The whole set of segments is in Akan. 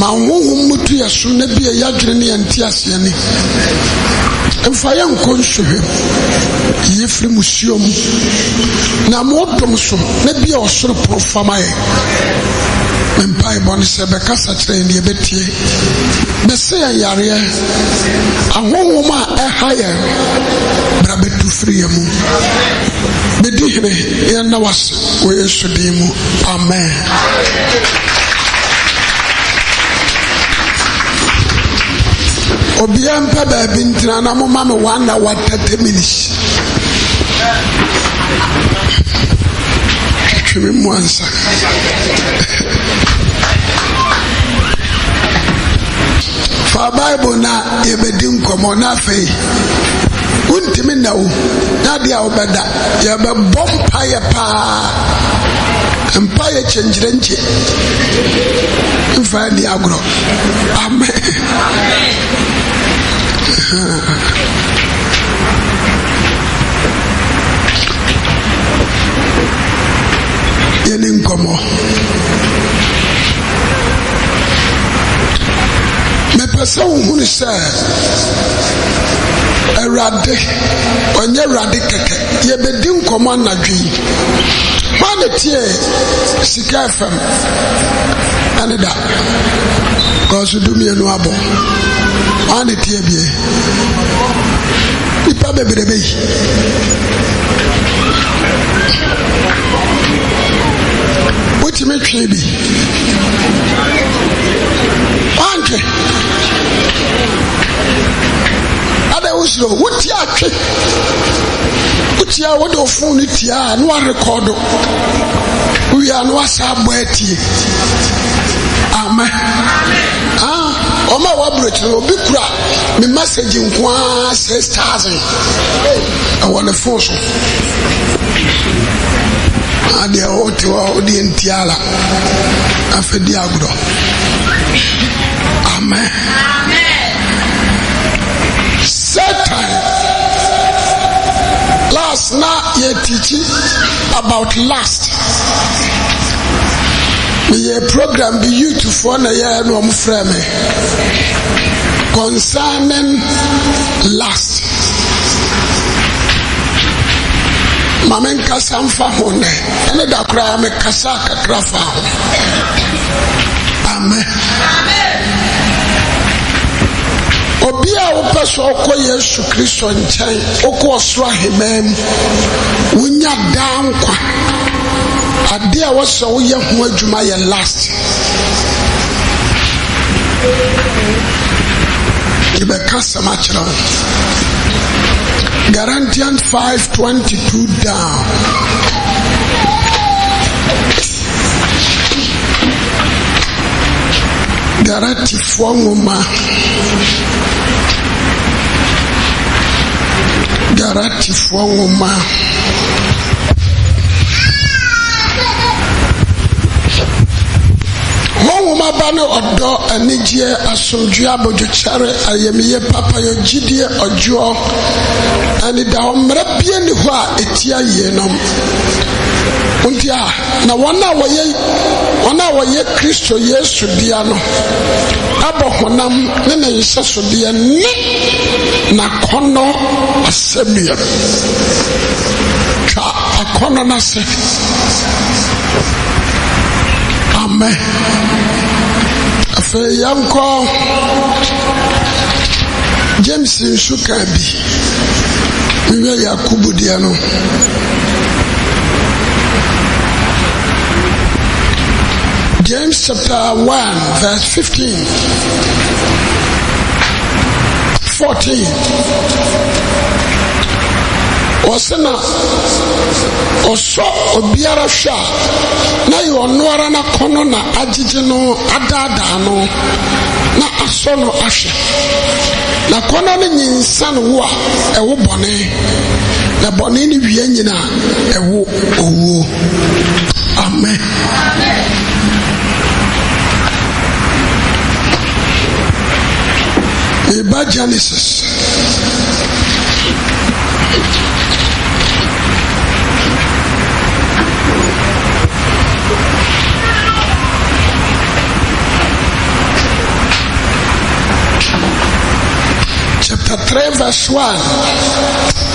ma honhom mutu yɛ so na bi ɛyɛ adwene ne yɛnte aseɛ ni mfa yɛnkɔ nsohwɛm yie firi musuom na ma moodom so na bi a ɔsoro porofama yɛ mempaebɔne sɛ bɛkasa kyerɛ yɛn deɛ bɛtie bɛsɛ yɛn yareɛ ahonhom a ɛha yɛn bra bɛtu firi yɛ mu bɛdi hene yɛn na wase wɔ yesu so din mu amen obiara mpɛ baabi ntena na moma me one hour thirty minutes twitwi me mu ansa fa bible na yɛbɛdi nkɔmmɔ na afei wontumi wo na adeɛ a wobɛda yɛbɛbɔ mpayɛ paa mpa yɛ kyɛnkyerɛ nkyɛ mfa ni agorɔ amen yɛne nkɔmmɔ mepɛ sɛ wo hunu sɛ awurade ɔnyɛ awurade kɛkɛ yɛbɛdi nkɔmmɔ anadwo yi maa ne tie sika fm ɛne da kɔɔso du mmienu abɔ ɔn ne tie bie nipa bebrebe yi wotumi twe bi ɔntwe ada wosoro wotia atwe wotia wode wo fon no tia a na warekɔdo wowia na wasa abɔ atie amen ah, ọmọ àwọn aburokyerɛ obi kura mi message nkoa six thousand ɛwɔ ne phone so adeɛ ah, wa hɔ ɔde nti ala afɛ di agorɔ amen satan last na yɛ tikyi about last. meyɛ program bi youthfoɔ na yɛɛ na ɔm me concerning last ma nkasa mfa ho nɛ ɛne da koraa mekasa kakra fa ho amɛ obi a wopɛ sɛ ɔkɔ yesu kristo nkyɛn wokɔ ɔsoro ahemaa mu wonya daa nkwa adeɛ a wɔsɛ woyɛ ho adwuma yɛ last yɛbɛka sɛm akyerɛ wo garantian 522 down garatifoɔ nwoma garatifoɔ nwoma mɔnwoma ba ne ɔdɔ anigyeɛ asomdwoe abodwokyare ayameye papayɔ gyidie ɔdwoɔ bie ni hɔ a ɛtia yienom nti a na ntị a wɔyɛ a kristo yesu bia no abɔ honam ne ne nhyɛsodeɛ ne n'akɔnɔ nị twa akɔnɔ no amɛ afei yɛnkɔ james nso kaa bi mewɛ yakobo deɛ no James chapter 1, verse 15, 14. wɔse na ɔsɔ obiara hwɛ a na yɛ ɔno ara n'akɔnɔ na agyegye no adaadaa no na asɔ no ahwɛ na kɔnɔ no nyinsa no wo a ɛwo bɔne na bɔne no wie nyinaa ɛwo owuo amen yɛba genesis chapter three verse one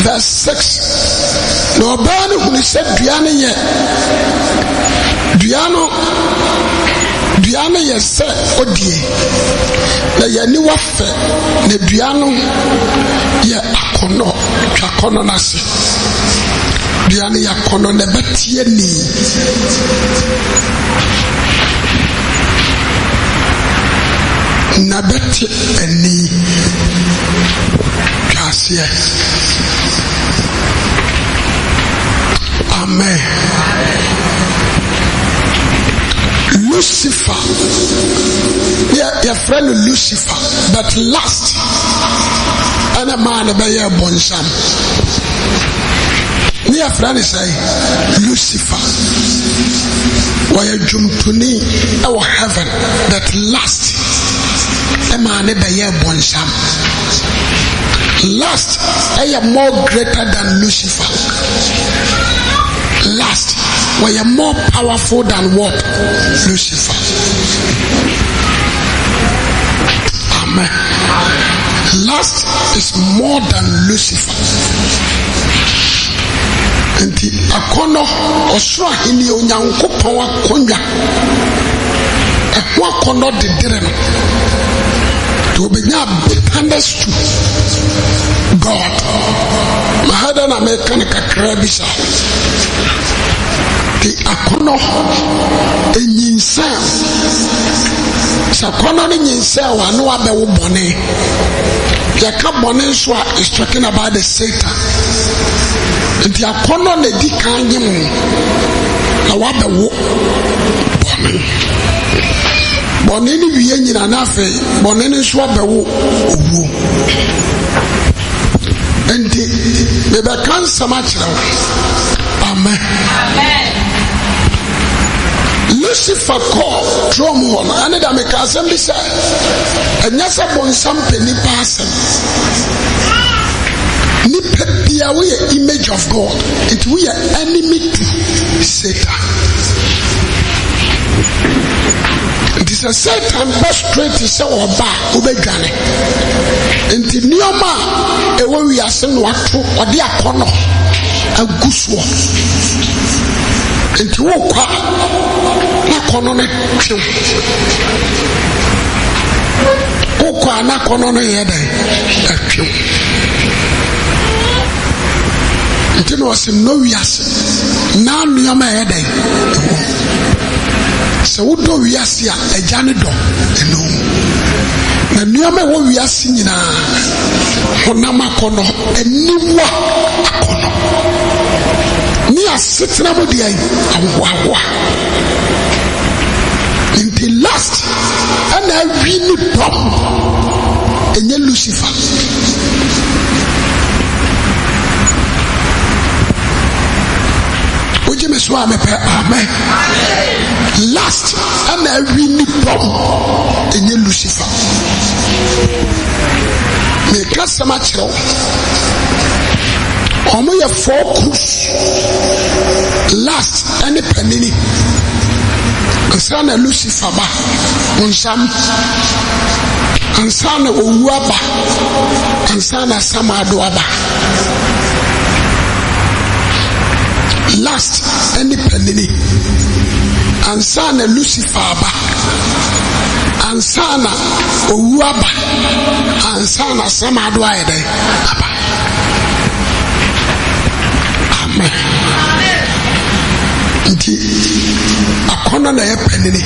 verse six na ɔbaa no hunu sɛ dua no yɛ dua no dua no yɛ sɛ ɔdie na yɛni wafɛ na dua no yɛ akɔnɔ twa akɔnɔ n'ase dua no yɛ akɔnɔ na ɛbɛtie nii. na bɛte ani twaseɛ amen lucifer yɛfrɛ friend lucifer but last ɛne maa ne bɛyɛ bɔnsam ne yɛfrɛ friend sɛ lucifer wɔyɛ dwomtoni our heaven that last sɛ maame bɛyɛ bɔnsam last ɛyɛ more greater than lucifer last wɔyɛ more powerful than what lucifer amen last is more than lucifer nti akɔnɔ ɔsoro ahenni onyankopɔn akonnwa ɛho akɔnɔ dedere no to obenya dependence to god mahada na meka ne kakra bi sa de akɔnɔ enyinsɛn sɛ akɔnɔ ne nyinsɛn wa ne wa bɛ wo bɔnɛ yɛka bɔnɛ nso a is talking about the satan nti the na edi kan yi mu na wa bɛ wo bɔnɛ bɔne ne wie nyina na afei bɔne ne nso abɛwo owuo nti mebɛka nsɛm akyerɛ wo amen lucifer kɔɔ trom hɔ no ɛne da meka asɛm bi sɛ ɛnyɛ sɛ bonsam pɛ nipa asɛm nipa bia woyɛ image of god nti woyɛ enemy to satan sɛ satan bɛ straight sɛ ɔba a wobɛdwane nti nneɔma a ɛwɔ wiase no wato ɔde akɔnnɔ agu soɔ nti worekwa na akɔnnɔ no twew wokɔ a na akɔnnɔ no yɛ dɛn atwew nti na ɔse nnɔ wiase na nneɔma ɛyɛ dɛn sɛ wodɔ wiase a agya ne dɔ ɛno na nneɛma ɛwɔ wiase nyinaa honam akɔnɔ aniwa akɔnɔ ne asetena mu deɛ ahoahoa nti last ɛna awi ne dɔm ɛnyɛ lucifer wogye me so a mepɛ amen last ɛna awi ni bɔm ɛnyɛ lucifer meka sɛm akyerɛ wo ɔmo yɛ four groups last ɛne panini ɛsra na lucifer ba nsam ansa na owu aba ansa na samado aba last ɛne panini ansa na lucifer aba ansa na owu aba ansa na samado ayɛ dɛ aba amen nti akɔnɔ na ɛyɛ panini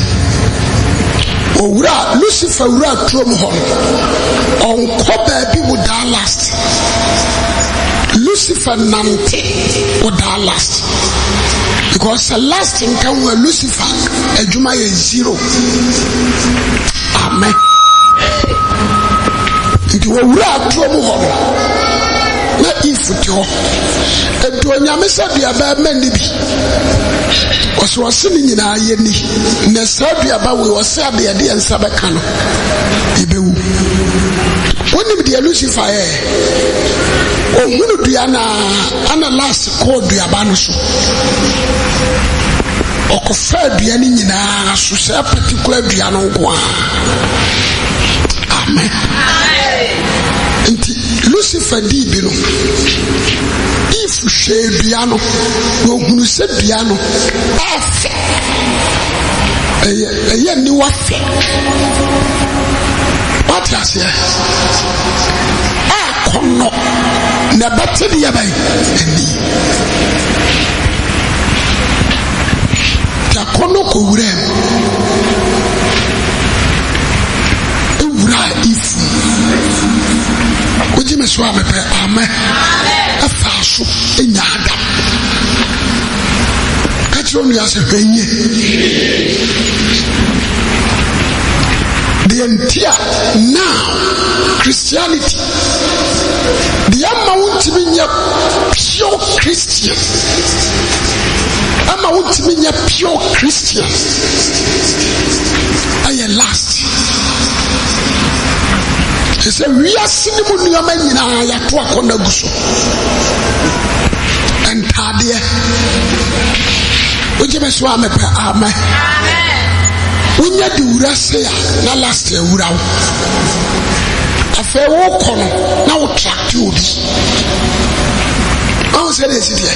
owura lucifer wura turom hɔ no ɔnkɔ baabi wo daa last. Lucifer, fɛ nante o daa last because sɛ last nka wo a lucifer adwuma yɛ zero amen nti wɔwura atoɔ mu hɔ no na if te hɔ ɛdu onyame sɛ duaba ma ni bi ɔsɛ ɔse no nyinaa yɛ ni na saa duaba wei ɔsɛ adeɛ deɛ nsa bɛka no yɛbɛwu wonim deɛ lucifer yɛ ohunu dua na ana last kɔɔ duaba no so ɔkɔfaa dua no nyinaa so sɛ particular dua no nko a amen nti lucifer dii bi no if hwɛɛ dua no na ohunu sɛ dua no afɛ ɛyɛ ɛyɛ niwa fɛ wate aseɛ ɛɛkɔnɔ na ɛbɛte ne yɛ bɛyɛ ani yakɔnɔ kɔ wura mu ewura ifu wogye me so a mepɛ amɛ ɛfa so enya adam kyerɛ onua sɛ hwɛ nye deɛ nti a now christianity deɛ ama wontumi nyɛ pure christian ama wontumi nyɛ pure christian ɛyɛ last te sɛ wiase ne mu nnuama nyinaa yɛato akɔnna gu so ɛntaadeɛ wogye bɛ so a mepɛ amɛ wonya de wura se a na last awura wo afei wokɔ no na wo trakte obi ɔwo sɛ de ɛsideɛ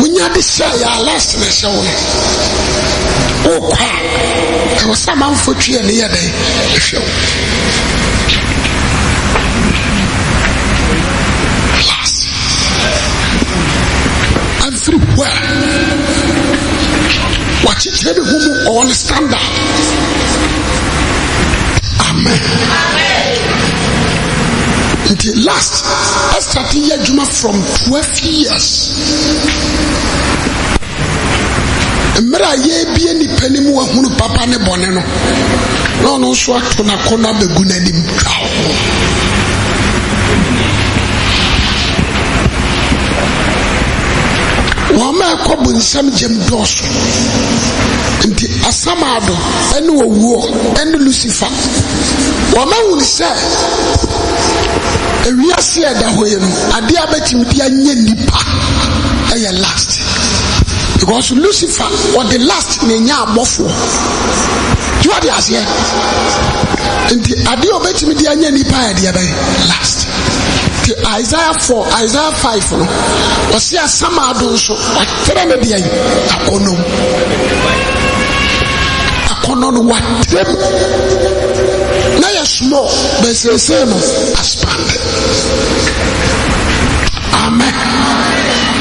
wonya de hyɛ yɛ a last na ɛhyɛ wo no wokɔ a ɛwɔ sɛ amanfoɔ twie ne yɛ dɛn ɛhwɛ wo through where wakyekyere bi ho mu ɔwɔ standard amen nti last ɛsta te yɛ adwuma from twelve years mmerɛ a yɛbie nipa no mu wahunu papa ne bɔne no na ɔno nso ato n'akɔ no abɛgu n'anim dwa Jacob nsɛm gyem dɔɔso nti asamaado ɛne owuo ɛne Lucifer wɔn ahun sɛ ewiase ɛda hɔ yɛ no adeɛ abɛtumi de anya nipa ɛyɛ last because Lucifer ɔde last na enya abɔfoɔ yi ɔde aseɛ nti adeɛ ɔbɛtumi de anya nipa yɛ deɛ bɛyɛ last nti isaiah four isaiah five no ɔsi asama ado nso watere ne deɛ yi akɔnɔ mu akɔnɔ no watere mu na yɛ small bɛsɛsɛ no aspande amen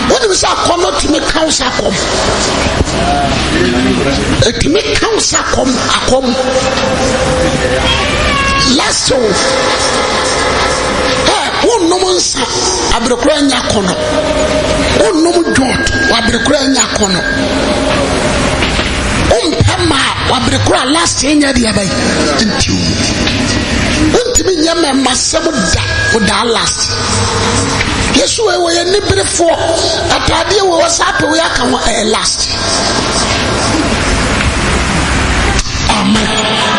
wonim sɛ akɔnɔ tumi kaw sɛ akɔm ɛtumi kaw sɛ akɔm akɔm last year wonnom nsa aberekora anya akɔnɔ wonnom dwot waberekora anya akɔnɔ wompɛ maa waberekora last anya deɛ bɛyi nti wo wontumi nyɛ mɛma sɛm da wodaa last yesu wei wɔyɛ niberefoɔ ataadeɛ wei wɔ saa pɛ aka ho ɛyɛ last amen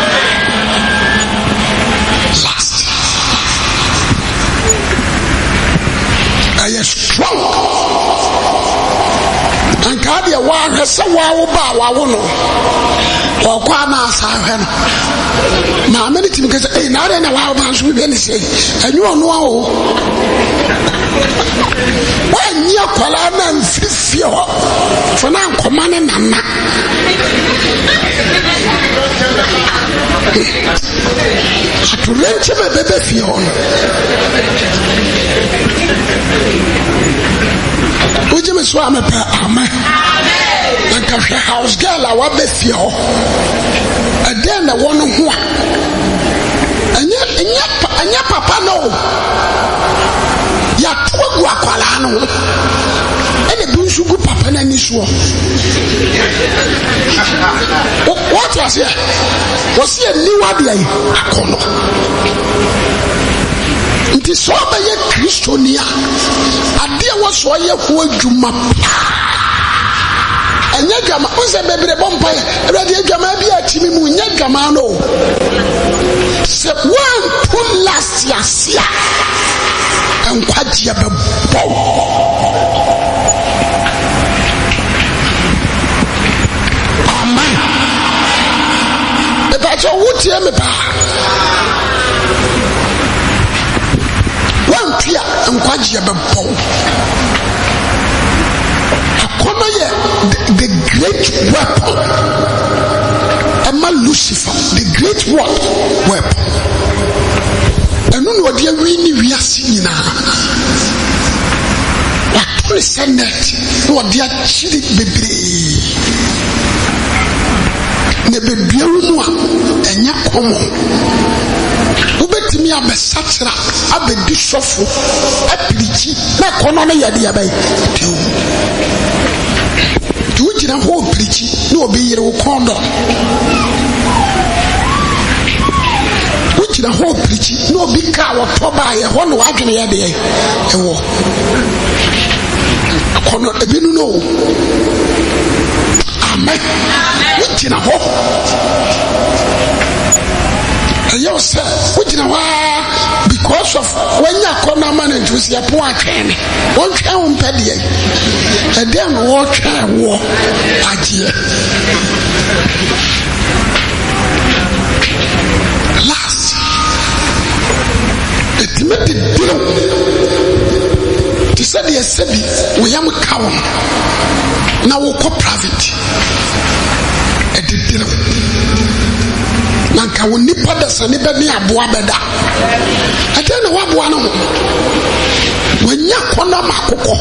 drunk God adeɛ waahwɛ sɛ waawo baa waawo no ɔkɔ anaasa ahwɛ no maame ne timi kɛsɛ ei naadɛ na waawoba nso bibɛ ne sɛi ɛnwe ɔnoa o woanyi akwalaa na amfirifie hɔ fo na nkɔma ne nana atorenkyɛ ma bɛbɛ fie hɔ no wogye me so a mepɛ amɛ nkahwɛ house girl a wabɛfie hɔ ɛdɛn na ɛwɔ no ho a ɛnyɛ ɛnyɛ ɛnyɛ papa no o yɛato agu akwaraa no ho ɛna ebi nso gu papa n'ani soɔ wɔte aseɛ wɔsi aniwa yi akɔnɔ nti sɛ ɔbɛyɛ kristoni a adeɛ wɔ so ɔyɛ ho adwuma e, paa ɛnyɛ gama nsɛ bebree bɔ mpae awurade gama bi a akyi mi mu nyɛ gama no sɛ wɔntu lasiase a nkwagyeɛ bɛ bɔ. Mepatsɛ wotie me paa. Wɔntu a nkwagyeɛ bɛ bɔ. the great weapon ɛma lucifer the great what weapon ɛno na ɔde awi ne wiase nyinaa wato ne sɛ net na ɔde akyiri bebree na bebia wo mu a ɛnyɛ kɔmmɔ wobɛtumi abɛsakyera abɛdi sɔfo apirikyi na ɛkɔnɔ no yɛde yɛbɛyɛ nti wogyina hɔ ɔpirikyi na obi yere wo kɔndɔm wogyina hɔ ɔpirikyi na obi kaa wɔtɔ baayɛ hɔ na wadwene yɛ deɛ ɛwɔ akɔnɔ ebinu no o amɛ wogyina hɔ ɛyɛ wo sɛ wogyina hɔ aa because of wanya kɔ na ama ne ntusi ɛpo atwɛn ne wɔntwɛn wo mpɛ deɛ ɛdeɛ na wɔtwɛn wɔ agyeɛ last it made it de to say the deɛ we bi a cow, now we wokɔ private ɛde dew nanka wo nipa dɛsɛ ne bɛ ne aboa bɛ da ɛdɛn na waboa no ho wanya kɔnɔ ma kokɔ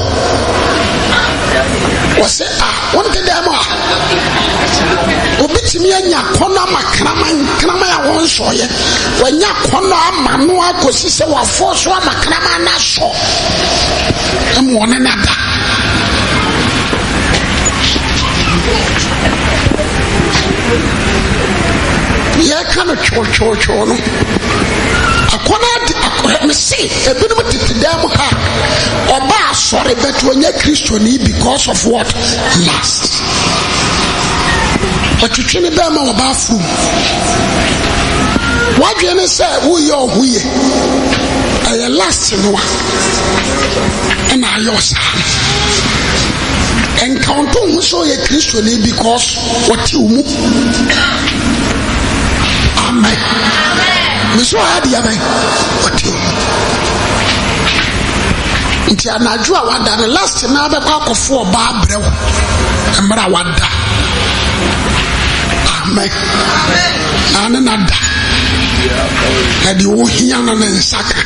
wɔsɛ a ah, wɔnte dɛn mu a obi tumi anya kɔnɔ ama kraman kraman a wɔnsɔɔyɛ wanya kɔnɔ ama no akɔsi sɛ wafɔ so ama kraman no asɔ ɛmu wɔne no ada yɛka no twɔtwɔtwɔ no akɔla de mese ebinom tete dan mu ha ɔba asɔre bɛtɛ ɔnyɛ kristoni because of what last ɔtwitwi ne dan ma ɔba afurum wadwe ne sɛ woyɛ ɔho yɛ ɛyɛ last no a ɛna ayɛ ɔsaa nka ɔnto ho sɛ ɔyɛ kristoni because ɔte wo mu amen mesu ha deɛ bɛn ɔteo nti anadwo a wada no last na bɛkɔ akɔfo ɔbaa brɛ wo mmerɛ a wada amen na ne nada ɛde wo hia no ne nsa ka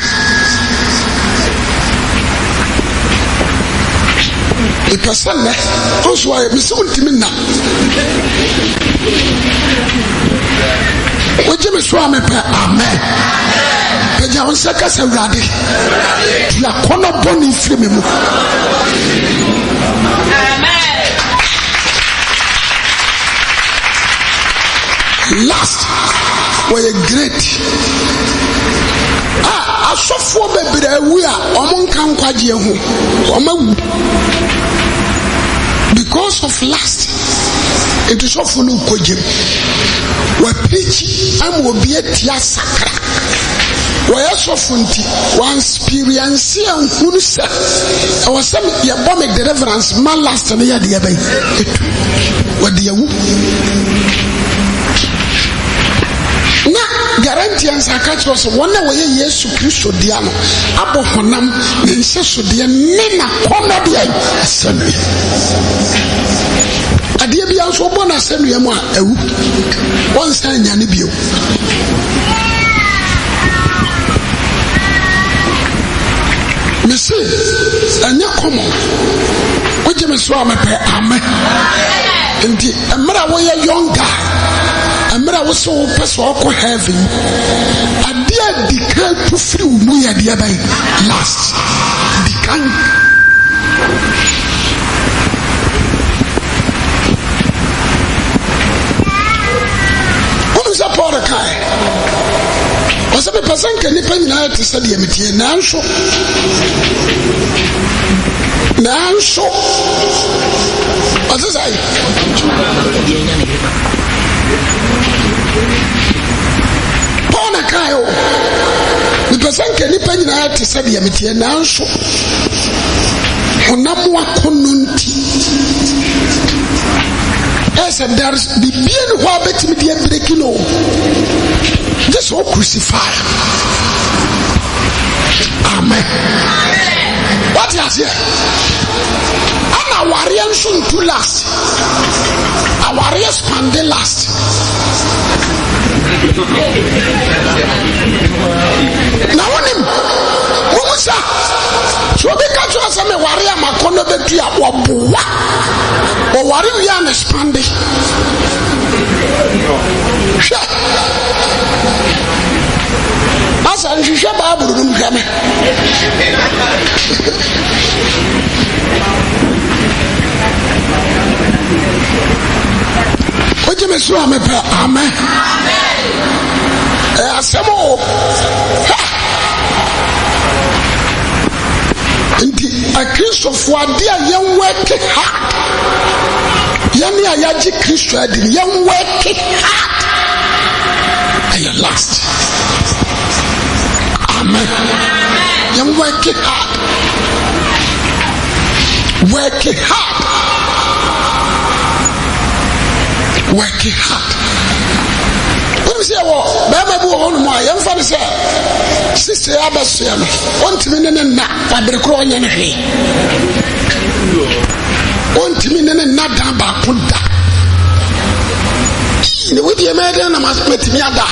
mepɛ sɛ nnɛ ɔnso ayɛ mesɛ wontimi nam wogye me so a mepɛ amen pagya wo nsa ka sɛ awurade dua kɔnɔ bɔne mfiri me mu last wɔyɛ great a asɔfoɔ bebree awu a wɔn nka nkwagyeɛ ho wɔn awu because of last nti sɔfo no nkɔ gyem wapirikyi ama obi ati asakra wɔyɛ sɔfo nti wanspiriansi ankuru sɛ ɛwɔ sɛ yɛbɔ me deliverance ma last no yɛde yɛbɛyi ɛtu wɔde awu na garantians aka kyerɛ sɛ wɔn a wɔyɛ yesu kristo deɛ no abɔ honam ne nhyɛ so deɛ ne na kɔnɔ deɛ asɛm bi adeɛ bi nso bɔ n'asɛnnua mu a ɛwu wɔnsan nya ne bio mese ɛnyɛ kɔmɔ wogye me so a mepɛ amɛ nti mmerɛ a woyɛ yɔnga mmerɛ a wo sɛ wopɛ sɛ ɔkɔ heaven adeɛ a di kan tu firi wo mu yɛ deɛ bɛn last di kae ɔsɛ mepɛ sɛ nka nnipa nyinaa te sɛ deɛ metie nanso nanso ɔse sɛe paul na kae o mepɛ sɛ nka nnipa nyinaa te sɛ deɛ metie nanso honam akɔnnɔ nti ɛsɛ there is bibie ne hɔ a bɛtumi deɛ breki no gye sɛ oh, wo crucify amen wate aseɛ ana awareɛ nso ntu last awareɛ spande last na wonim womu sa sɛ obi ka kyerɛ sɛ meware a makɔnnɔ bɛdu a wɔboa wɔware wie a ne spande hwɛ asa nhwehwɛ baabolo no nhwɛ me wogye me so a mepɛ amɛ ɛ asɛm o nti akristofoɔ adeɛ a yɛnwɛke hard yɛne a yɛagye kristo adi no yɛnwɛke hard ɛyɛ last amen yɛnwɛke hard wɛke hard wɛke hard sɛ yɛwɔ bɛrima bi wɔ hɔ nom a yɛmfa no sɛ sisee abɛsoɛ no ɔntumi ne ne nna wabere korɔ ɔnyɛ no hwee ɔntumi ne ne nna dan baako da na wodeɛ mɛyɛ dɛn na matumi ada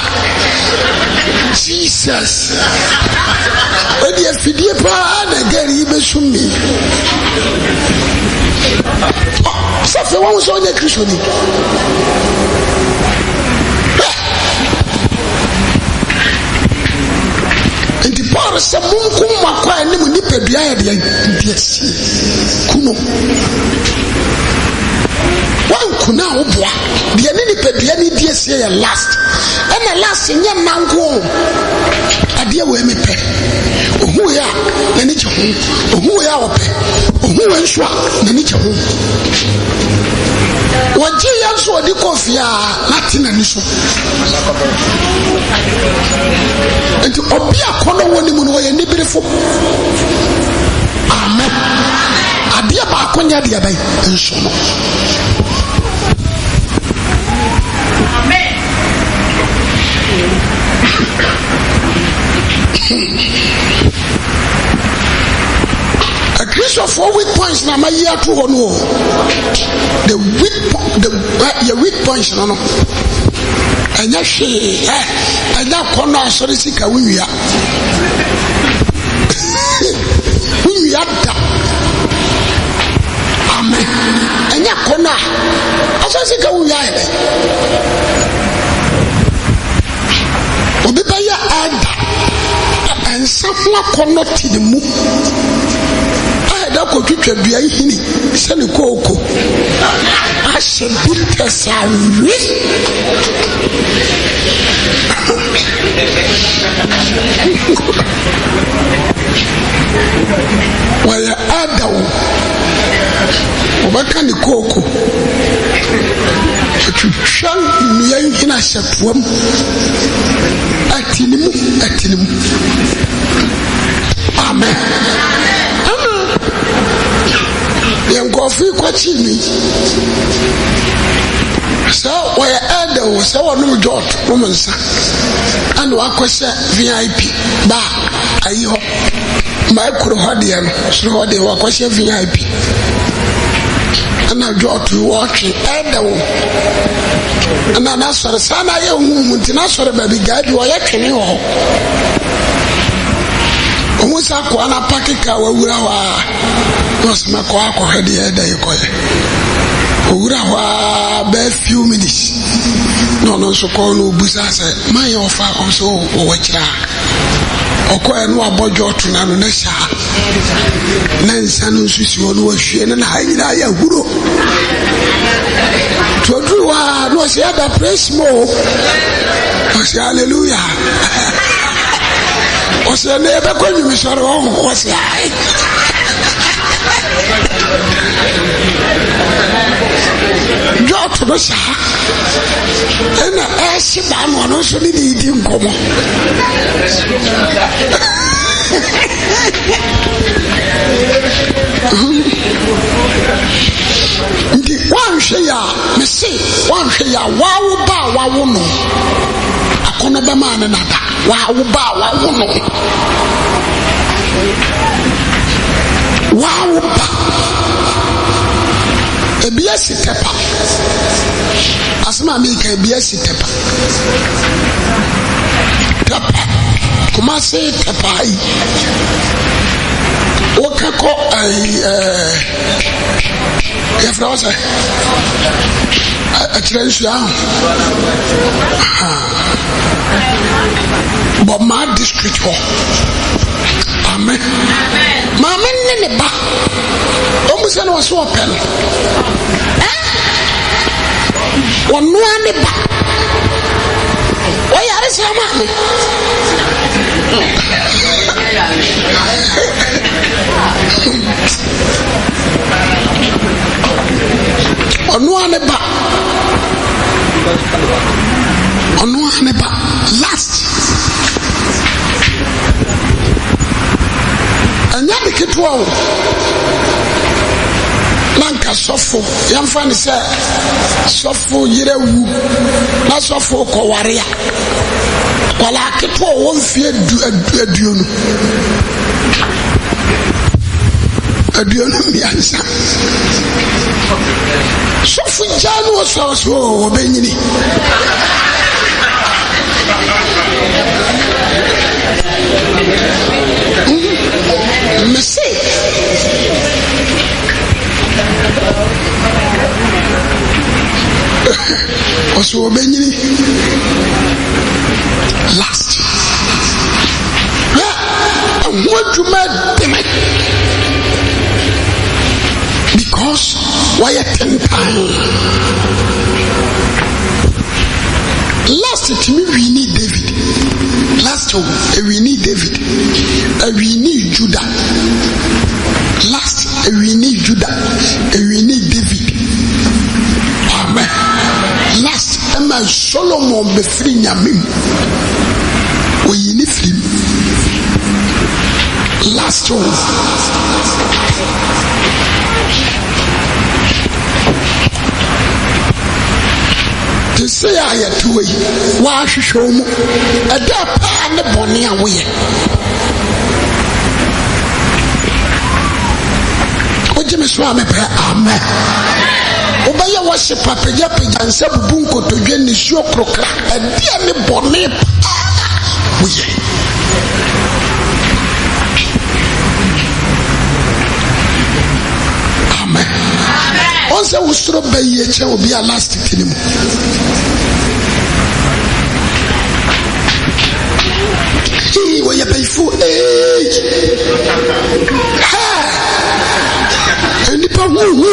jesus wode afidie paa na gari yi bɛsum me sɛ fɛ wɔn sɛ ɔnyɛ kristoni nti paul sɛ monko ma kɔ a anim nipadua yɛ deɛ mbiasie kuno wankuna a woboa deɛ ne nipadua ne biesie yɛ last ɛna last nyɛ nanko adeɛ wɔ mi pɛ ohun yɛ a n'ani gye ho ohun yɛ a ɔpɛ ohun yɛ nso a n'ani gye ho wɔgye yɛ nso ɔde kɔ fie a nate n'ani so nti ɔbi akɔnɔ wɔ ne mu no ɔyɛ nibirifo amen adeɛ baako nyɛ deɛ bɛn nso no akristofoɔ points na mayi ato hɔ no wɔ the weak the eh, yɛ weak points no no ɛnyɛ hwee ɛ ɛnyɛ kɔnɔ asɔre sika wia wia da amen ɛnyɛ kɔnɔ a asɔre sika wia yɛ dɛ obi bɛyɛ ɛda ɛnsa fún akɔnɔ ti ne mu. akɔtwitwa dua hini sɛ ne kooko ahyɛ bi tɛ sawe wɔyɛ adawo wɔbɛka ne kooko atwitwa nnua hini ahyɛ toa mu atini mu atini amen deɛ nkurɔfo yi kɔkyi ni sɛ wɔyɛ ɛɛdɛ wo sɛ wɔnom jɔt nom nsa ɛna wakɔhyɛ vip baa ayi hɔ maa kuro hɔ deɛ no soro hɔ deɛ wakɔhyɛ vip ɛna jɔt wɔtwe ɛɛdɛ wo ɛna n'asɔre saa na ayɛ huhu nti n'asɔre baabi gaa bi wɔyɛ twene wɔ hɔ. ɔhu sɛ akoa no apake ka wawura hɔ a na ɔsɛ mɛkɔ akɔhwɛ deɛ ɛda yi kɔyɛ owura hɔ a bɛɛ few minutes na ɔno nso kɔɔ na ɔbusa sɛ mayɛ ɔfa ɔnso wɔwɔ kyerɛ a ɔkɔɛ no wabɔdwa ɔto na no na saa na nsa no nso si hɔ no wahwie no na ha nyinaa yɛ ahuro toduru hɔ a na ɔsɛ ɛda praise mo ɔsɛ hallelujah ɔsɛ ne yɛbɛkɔ nyimisɔre wɔn ho wɔ sɛ ae dwɔɔto no saa ɛna ɛhye baa no ɔno nso ne deedi nkɔmmɔ nti woanhwɛ yɛ a mese woanhwɛ yɛ a waawo ba a wawo no akɔnɔ bɛma ne nada wawo ba wawo no wawo ba ebi esi tɛpa asoma mi ka ebi esi tɛpa tɛpa kumase tɛpa yi wokakɔ yɛfrɛ wɔ sɛ ɛkyerɛ nsua ho bɔmaa district hɔ amen. maame ne ne ba ɔmu sɛ ne wɔ sɛ wɔpɛ no ɔnoa ne ba wọ́n yàrá sí ọmọ mi. ọ̀nùwà ni ba ọ̀nùwà ni ba last. ẹ̀yà mi ketewa o anka sɔfo yɛmfa ne sɛ sɔfo yerɛ wu na sɔfo kɔware a kwalaa ketewa wɔ mfie aduonu aduonu mmiɛnsa sɔfo gyaa no wɔsɔre so wɔbɛnyini mm-hmm. mese ɔsɛ ɔbɛnyini last hɛ ɛho adwuma dɛmɛ because wayɛ tentan last tumi wini david last ɛwini david ɛwini juda last èyí ní Juda We need David amen last ɛma Solomon bɛfiri free. mu oyi ne firi mu last one. te se a yɛtoa yi waahwehwɛ mu ɛdɛ paa ne bɔne a woyɛ gyeme so a mepɛ amɛ wobɛyɛ wɔhye papagyapagya nsa bubu nkotodwe nisuo korokra ɛdeɛ ne bɔne woyɛ amɛ ɔn sɛ wo soro bɛyie kyɛ obi a last tini mu wɔyɛ bɛyifo ee enipa huhu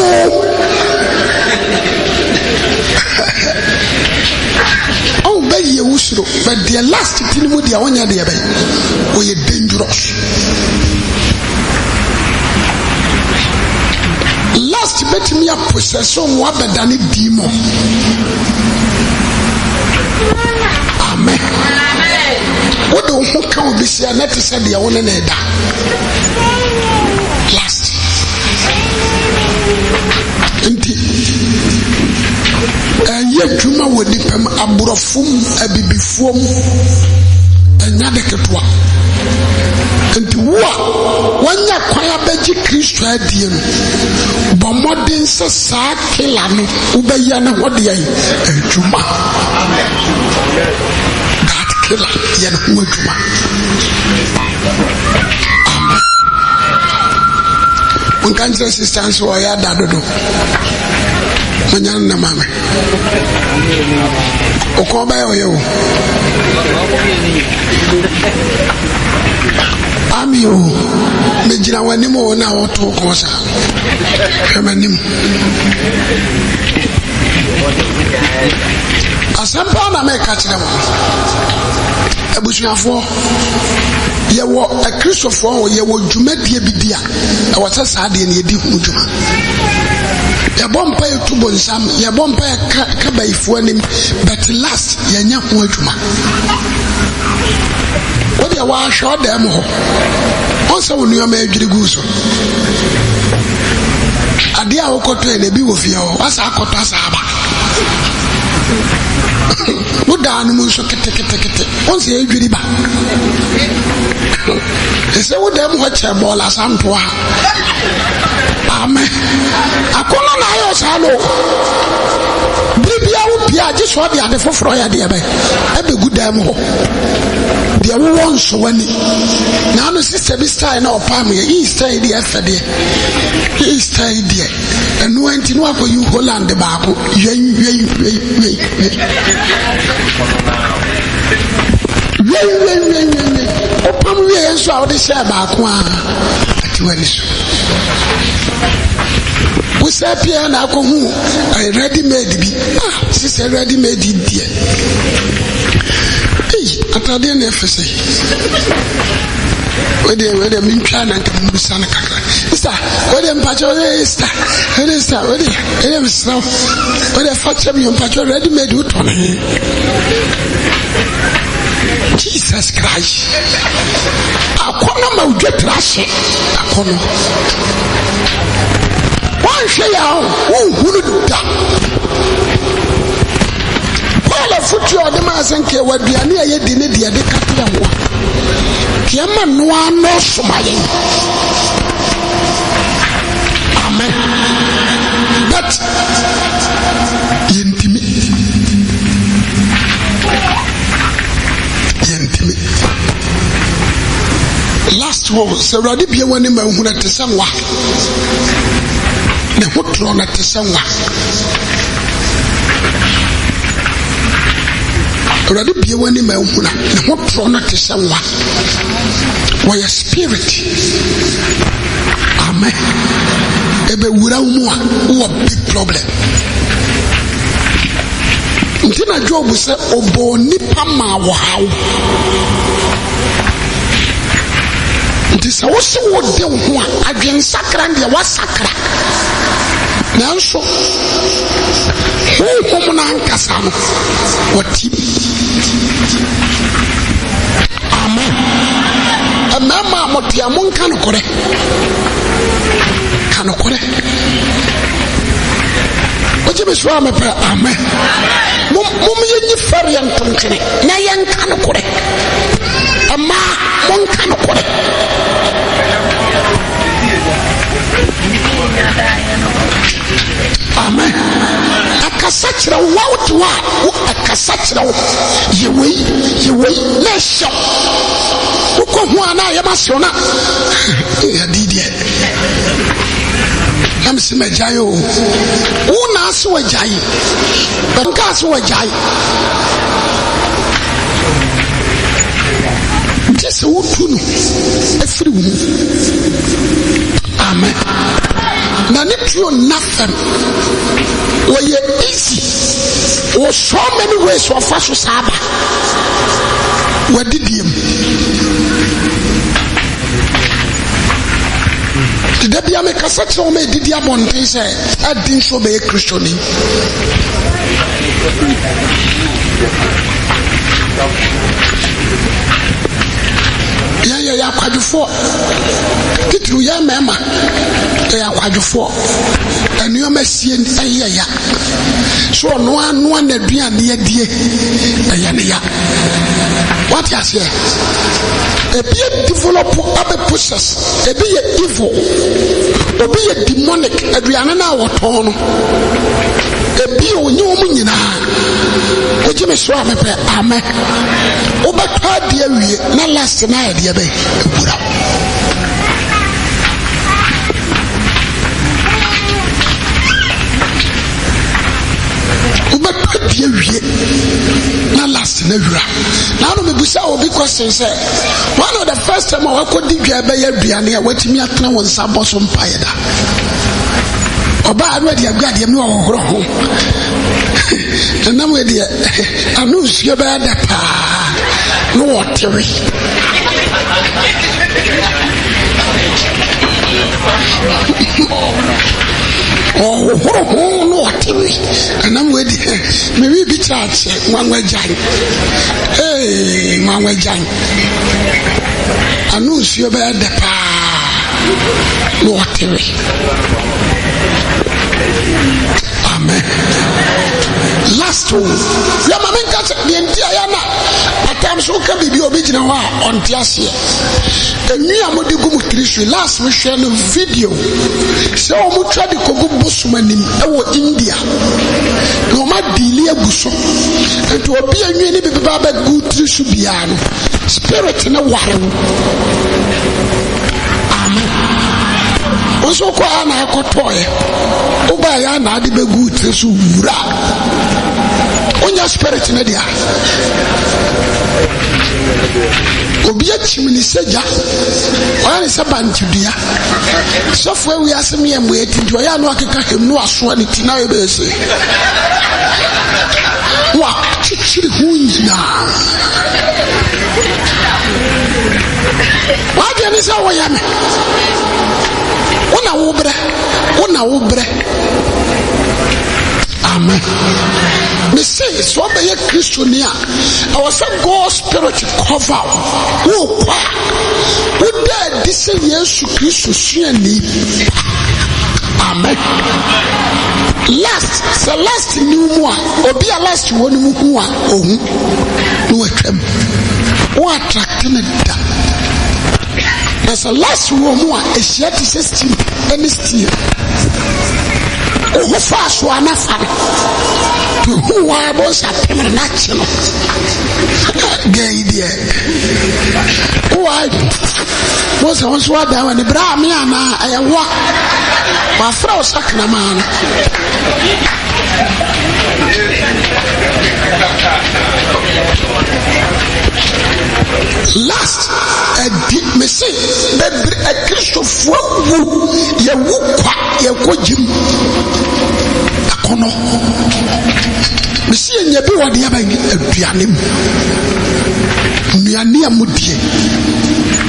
ɔn bɛ yie wusoro bɛ deɛ last ti ni mu deɛ ɔnyɛ deɛ bɛ o yɛ dangerous last bɛtumi possession mu abɛdane dii mu amen wode wo ho ka obi sia na te sɛ deɛ wo ne ne ɛda ɛyɛ adwuma wɔ nipa mu aborɔfo mu abibifoɔ mu ɛnya de ketewa nti wo a wanya kwan abɛgye kristo adie no bɔ mmɔden sɛ saa kela no wobɛyɛ ne ho deɛ adwuma that kela yɛ ne ho adwuma nka nkyerɛ sista nso ɔyɛ ada dodo ɔnya no nam ame ɔkɔ ɔbɛyɛ ɔyɛ wo ami o megyina w'anim o na wɔto kɔɔ sa hwɛ m'anim asɛm paa na meka kyerɛ mo abusuafoɔ yɛwɔ akristofoɔ eh, yɛwɔ dwumadie bi di a ɛwɔ sɛ saa deɛ no yɛdi ho dwuma yɛbɔ mpa yɛ tu bɔ nsam yɛbɔ mpa yɛ ka ka bayifoɔ anim but last yɛnyɛ ho adwuma wɔdeɛ wɔahwɛ ɔdan mu hɔ ɔnsɛ wo nneɛma adwiri gu so adeɛ a wokɔtɔɛ na ebi wɔ fie hɔ wasa akɔtɔ asa aba wo daa no mu nso ketekete wo sɛ ɛdwiri ba ɛsɛ wo daa mu hɔ kyerɛ bɔɔla asampoa Amen. akɔnɔ na ayɛ ɔsaa no biribia wo pia agye so ɔde ade foforɔ yɛ deɛ bɛ ɛbɛgu daa mu hɔ deɛ wowɔ nso w'ani na ano sista bi style na ɔpaa mu yɛ yi style deɛ ɛfɛ deɛ yi style deɛ ɛnu ɛnti na wakɔ yi holland baako yɛn yɛn yɛn yɛn yɛn yɛn yɛn yɛn yɛn ɔpam wie yɛn nso a wɔde hyɛ baako a ati w'ani so wosa pia na akɔhu ɛyɛ ready made bi ah sisa ready made deɛ atadeɛ na ɛfɛ sɛ wedeɛ wedeɛ mentwa na nka mmusa no kakra sista wedeɛ mpakyɛ wedeɛ sista wedeɛ sista mesra wo fa kyerɛ me mpakyɛ ready made wotɔ no he jesus christ akɔnɔ ma wodwa tra hye akɔnɔ woanhwɛ yɛ a wo wohunu da afotuo a ɔde maa sɛ nka ɛwɔ aduane a yɛdi ne deɛ de kakra ho a deɛ ma noa no soma yɛn amen but yɛntimi yɛntimi last word sɛ awurade bie w'anim ahunu te sɛ nwa ne ho torɔ no te sɛ nwa awurade bie w'anim ahuna ne ho porɔ no te sɛ nwa wɔyɛ spirit amen ɛbɛwura wo mu a wowɔ big problem nti na job sɛ ɔbɔɔ nnipa maa wɔhaw nti sɛ wo se wode wo ho a adwensakra deɛ woasakra nanso honhom no ankasa no ɔti amen mmarima a mɔte a monka nokorɛ ka nokorɛ wogye me so a mepɛ amen mommyɛnyi fɛre yɛ n t o m k e n e na yɛnka nokorɛ ɛmaa monka nokorɛ amen akasa kyerɛ wo wawo te hɔ a wo akasa kyerɛ wo yɛwei yɛwei na ɛhyɛ wo wokɔ ho a na yɛma sew no yɛdi na mese magyae o wo naa se wagyae bɛnkaa se wagyae nti sɛ wotu no afiri wo mu amen n'ani tuo nothing wɔyɛ easy wɔ so many ways wɔfa so saa ba wɔadidie mu deda bia mekasa kyerɛ wɔ ma ɛdidi abɔnten sɛ adi nso bɛyɛ kristoni Thank you yɛyɛ yɛ akwadwofoɔ titiriw yɛ mmarima yɛyɛ akwadwofoɔ nneɛma sie ɛyɛ ya so ɔnoa noa na aduane adie ɛyɛ ne ya wate aseɛ ebi yɛ develop abɛ process ebi yɛ evil obi yɛ demonic aduane no a wɔtɔn no ebi yɛ onye wɔn nyinaa ogyeme so a mepɛ amɛ adeɛ awie na last na adeɛ bɛyɛ ewura. wobɛtɔ adeɛ awie na last na awura na ano mebusa obi question sɛ one of the first time a wakɔdi dwa bɛyɛ aduane a watumi atena wo nsa bɔ so mpaeɛ da ɔbaa no adi aguadeɛ mi wɔhohorɔ ho ɛnam deɛ ano nsuo bɛyɛ dɛ paa watery. ɔhorohoro no ɔtere ɛnam wadi mewe bi kyerɛ sɛ nwanwa gyan nwanwa gyan ano nsuo bɛyɛ dɛ paa na ɔtere amen last one yɛma menka sɛ deɛ nti sometimes woka biribi obi gyina hɔ a ɔnte aseɛ ɛnwi a mode gu mu tiri so last mehwɛ no video sɛ ɔmotwa de kɔgu bosom anim ɛwɔ india na ɔma diili agu so nti obi anwi ne bibi baa bɛgu tiri so biara no spirit ne ware wo amen nso kɔ a na ɛkɔtɔɔɛ wobaayɛ a naade bɛgu tiri so wura wonya spirit ne dea obi akyim ne sɛ gya ɔyɛ ne sɛ bantedua sɔfoɔ awi ase meyɛ mmoɛ tinti ɔyɛ a no akeka hem ne wasoa ne ti na yɛbɛɛse wakyekyere ho nyinaa wadeɛ ne sɛ woyɛ me wona wo berɛ wona wo berɛ amen mese sɛ wobɛyɛ kristoni a ɛwɔ sɛ god spirit cover wokɔ a woda adi sɛ yesu kristo amen last sɛ last new mu a obi a last one ne mu hu no ɔhu ne attracting it. ne da na last wɔ mu a ahyia te sɛ steam ɛne steam ɔmo fa so ana fa no ehu wa abo nsa tɛmɛrɛ n'akyi no gɛn yi deɛ wa mo sɛ wɔn so ada wɔ ne bere a mi ana ɛyɛ wa wafra o no last ɛdi mesi bɛbiri akirisofoɔ wu yɛwu kwa yɛkɔ gyim akɔnɔ mesi yɛnyɛ bi wɔde yaba aduane e, mu nnuane a mu die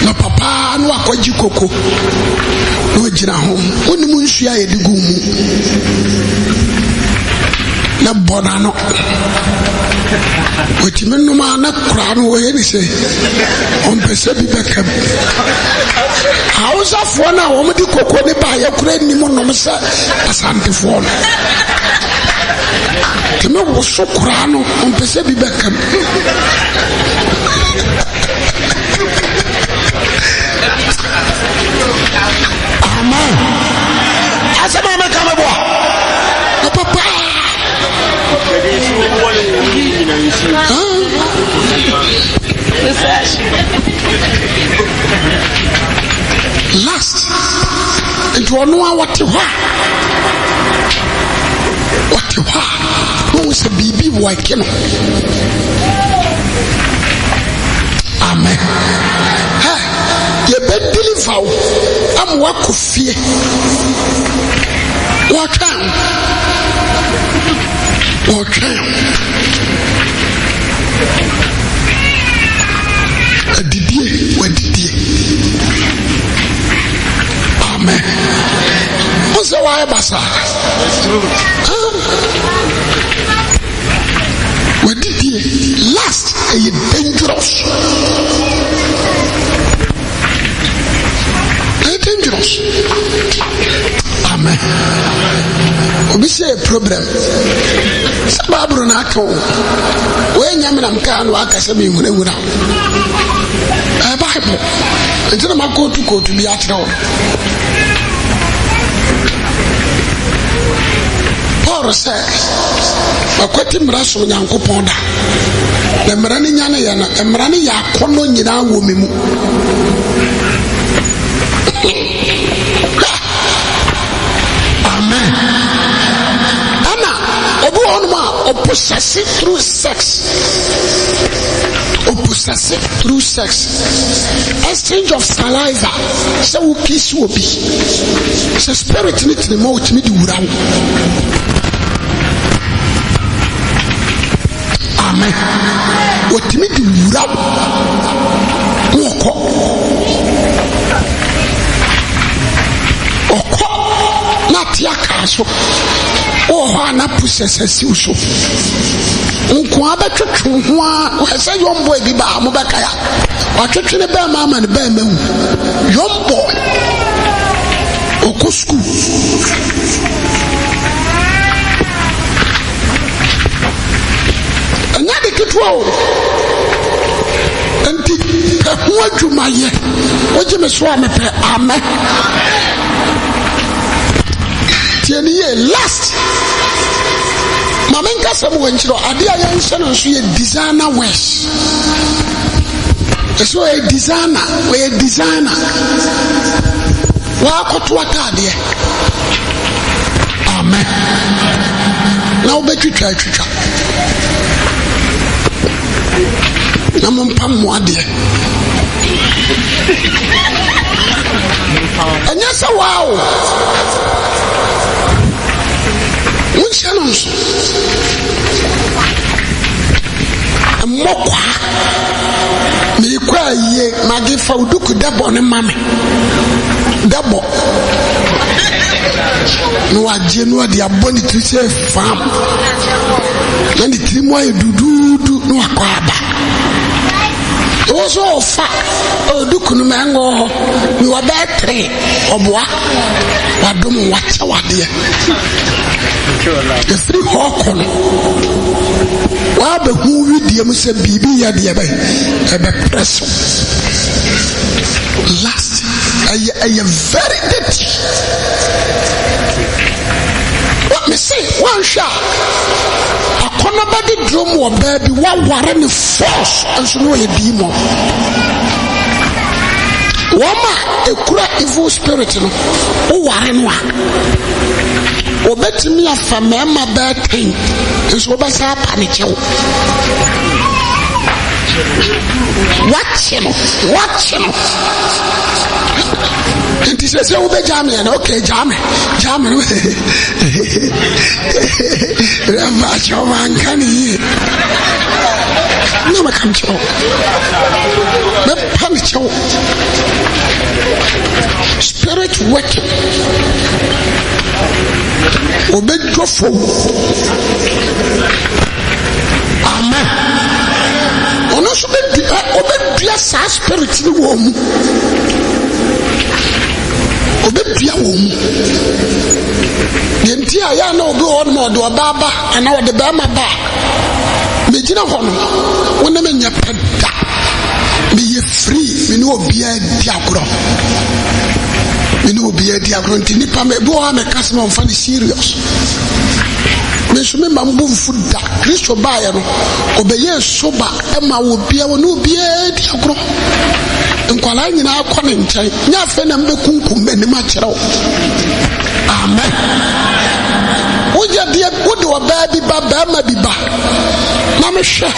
na papa no akɔgye koko na ɔgyina ho wonim nsuo yɛde gu mu ne bɔ n'ano otumi num a ne kura no oyɛ ne sɛ ɔmpɛsɛ bi bɛka mu awusafoɔ no a wɔn de koko ne baayɛ kura anim nom sɛ asantefoɔ no tumi woso kura no ɔmpɛsɛ bi bɛka mu amen asɛm a mɛka mɛbɔ last nti ɔno a wɔte hɔ a wɔte hɔ a na sɛ biribi wɔ no amen hɛ yɛbɛdiliva wo ama woakɔ fie wɔtwɛn É é é o que você amen mo sɛ wayɛ basa wadidie last ɛyɛ dangerous ɛyɛ dangerous amen obi sɛ problem sɛ baaboro no aka wo woɛnya me nam kaa no waaka sɛ mehunahuna wo bible nti na makɔɔtu kɔɔtu bi akyerɛ wo paul sɛ makwati mmara som nyankopɔn da na mmara no nya no yɛ no mmara no yɛ akɔnnɔ nyinaa wɔ me mu Obsessive through sex. Obsessive through sex. Exchange of saliva. Sɛ wo kiss wo bi. Sɛ spirit ne tiri ma wotumi di wura wo. Amen. Wotumi di wura wo. Wɔkɔ. Ɔkɔ na ate akaa so wowɔ hɔ a na po sɛsɛsiw so nkoa bɛtwetwe ho a ɛ sɛ yɔmbɔ bi baa mobɛkae a watwetwe ne bɛɛma ama ne bɛɛma wu yɔmbɔ ɔkɔ sukuu ɛnyɛ de ketewa o nti ɛho adwumayɛ wogye me so a mepɛ amɛ tie ne last ma menkasɛm wɔ nkyerɛ adeɛ a yɛnhyɛ no nso yɛ designer wes ɛsɛ ɔyɛ designer ɔyɛ designer waakɔto ataadeɛ amen na wobɛtwitwa atwitwa na mompa mmoadeɛ ɛnyɛ sɛ waa o wonhyia no nso mmɔ kwaa meekɔ a yie fa wo duku dabɔ ne ma me dabɔ na wagye no ɔde abɔ ne tiri sɛ fam na ne tiri mu ayɛ duduudu na wakɔ aba wo nso ɔfa ɔdu kunum ɛngo hɔ miwɔ bɛɛ tere ɔboa wadom wakyɛ wadeɛ ɛfiri hɔ kɔ no waabɛhu wideɛ mu sɛ biribi yɛ deɛ bɛn ɛbɛprɛ so last ɛyɛ ɛyɛ very dirty mese wanhwɛ a baako na bɛde duro mu wɔ baabi waware ne force nso ne wɔyɛ bii mɔ wɔn a ekura evil spirit no woware no a wɔbɛtumi afa mmarima bɛɛ ten nso wɔbɛsa apa ne kyɛw wakye no wakye no nti sɛ sɛ wobɛ gya me ɛna ok gya me gya me no rɛva kyɛw manka ne yie na mɛka nkyɛw mɛpa ne kyɛw spirit working obɛdwa fam amen ɔno nso ɔbɛdua saa spirit no wɔ mu ɔbɛdua wɔ mu deɛ nti a yɛa na obi wɔ nom ɔde ɔbaa ba anaa ɔde bɛrima ba a megyina hɔ no wo ne menyɛ pɛ da meyɛ firi mene obiaa di agorɔ mene obiaa di agorɔ nti nnipa ebi wɔ a mɛka sɛ ma ɔmfa no serious mesu mi ma mbɔ nfu da kristo baayɛ no ɔbɛyɛ soba ɛma wɔ bia wɔ ne obiara di agorɔ nkwadaa nyinaa kɔ ne nkyɛn nyɛ afei na mbɛkunkum anim akyerɛw amen woyɛ deɛ wode ɔbaa bi ba barima bi ba na mehwɛ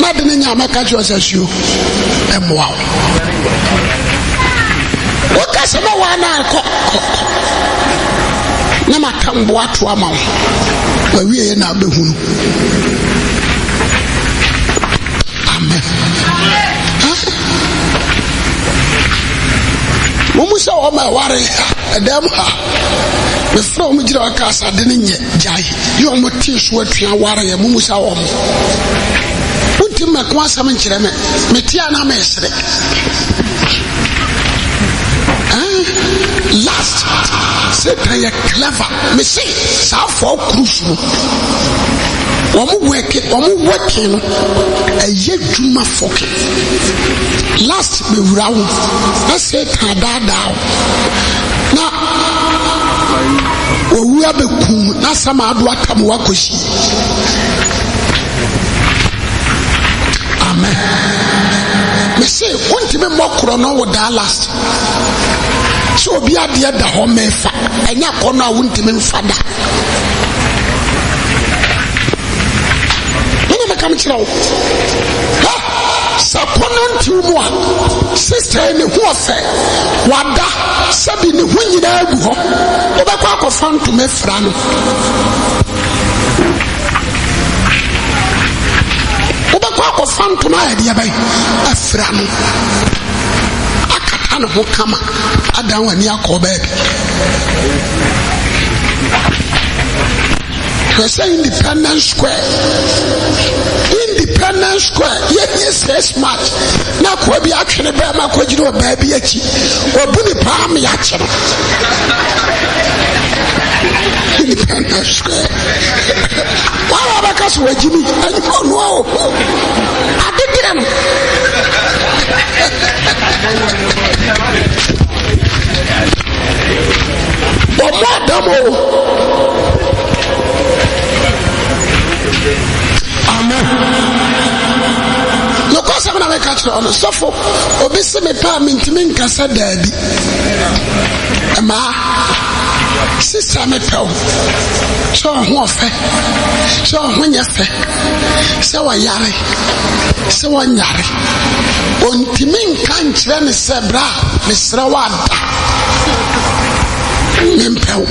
na de ne nyaama ka kyerɛ sɛ suo ɛmmoa wo woka sɛ ma waa naa kɔ na maka mboa to ama wo wawieɛ na abɛhunu amen wɔmu sɛ wɔma ɛware ɛdɛm ha mefrɛ wɔm gyina wɔka asade no nyɛ gyae yɛ ɔmo tee so atua wareɛ momu sɛ wɔ mo wontim mɛko asɛm nkyerɛ me mete a na meesere last satan yɛ clever mesi saa afɔw kurus no wɔn wɔke wɔn wɔke no ɛyɛ dwuma fɔke last bewura wo na satan daadaa wo na owura bɛkum na sama ado atam wakɔsi amen mesi wontumi mmɔ korɔ no wo daa last sɛ obi adeɛ da hɔ mmefa ɛnyɛ akɔ no a wontimi mfa da ɛna mɛka me kyerɛ wo sɛ kɔ ntiw mu a sister ne ho ɔsɛ wada sɛbi ne ho nyinaa agu hɔ wobɛkɔ akɔfa ntoma afira no wobɛkɔ akɔfa ntoma a ɛdeɛ afira no ne ho kama adan w'ani akɔ baabi hwɛ sɛ independence square independence square yɛyɛ sɛ smart na akoa bi atwene bɛɛ ma akɔgyina wɔ baabi akyi wɔbu ne paa me yɛakye no independence square wɔn a wɔbɛka so wɔagyi mi anyimɔnoa o adedeɛ no bọ̀bọ̀ àdámọ̀ o. amen. nokɔ sɛm na meka kyerɛ ɔno sɔfo obi se me pɛ a mentumi nkasa daabi ɛmaa sista mi pɛ o sɛ ɔho ɔfɛ sɛ ɔho nyɛ fɛ sɛ ɔyare sɛ ɔnyare ɔntumi nka nkyerɛ ne sɛ bra mesrɛ wo ada mempɛ wo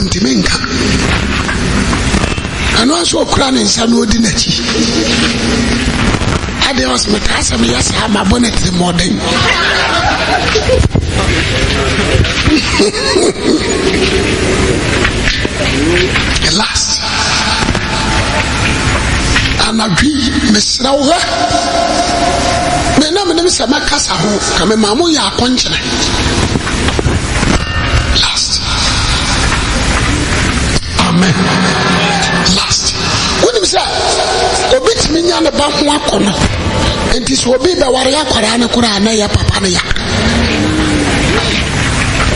ɔntumi nka ɛno nso ɔkura ne nsa na ɔdi n'akyi adeɛ ɔsɛ metaa sɛ meyɛ saa mabɔ ne tirimɔden the last anadwi mesrɛ wo hɛ menam nem sɛ mɛkasa ho ka memaa moyɛ akɔnkyene last amen last wonim sɛ obi tumi nya ne ba ho akɔ no enti sɛ obi bɛware akwaraa ne koraa na ɛyɛ papa no ya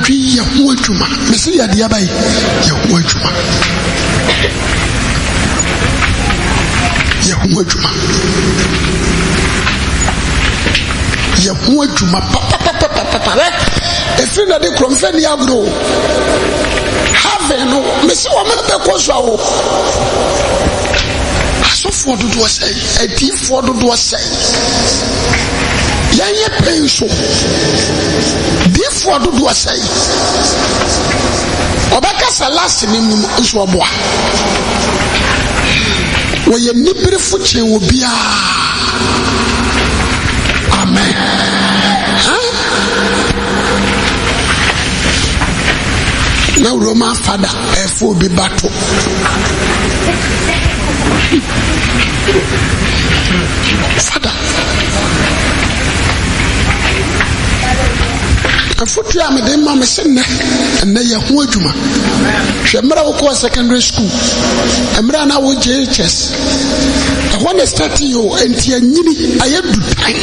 yɛdwi yɛ ho adwuma mesi yɛde aba yi yɛ ho adwuma yɛ ho adwuma yɛ ho adwuma papapapapapa bɛ efiri na de kurom fɛn ni agorɔ o havɛn no mesi wɔn mɛ bɛ kɔ so awo asɔfoɔ dodoɔ sɛn adiifoɔ dodoɔ sɛn yɛn yɛ pɛn so diifoɔ dodoɔ sɛn ɔbɛkasa last ne mu nso ɔboa wɔyɛ nibirifo kyɛn wɔ biara amen. na roman fada ɛfo obi bato fada afotu a mede ma me se nnɛ ɛnɛ yɛ ho adwuma hwɛ mmerɛ wokɔɔ secondary school mmerɛ a na wogye chess ɛhɔ ne stati o ɛnti anyini ayɛ dutan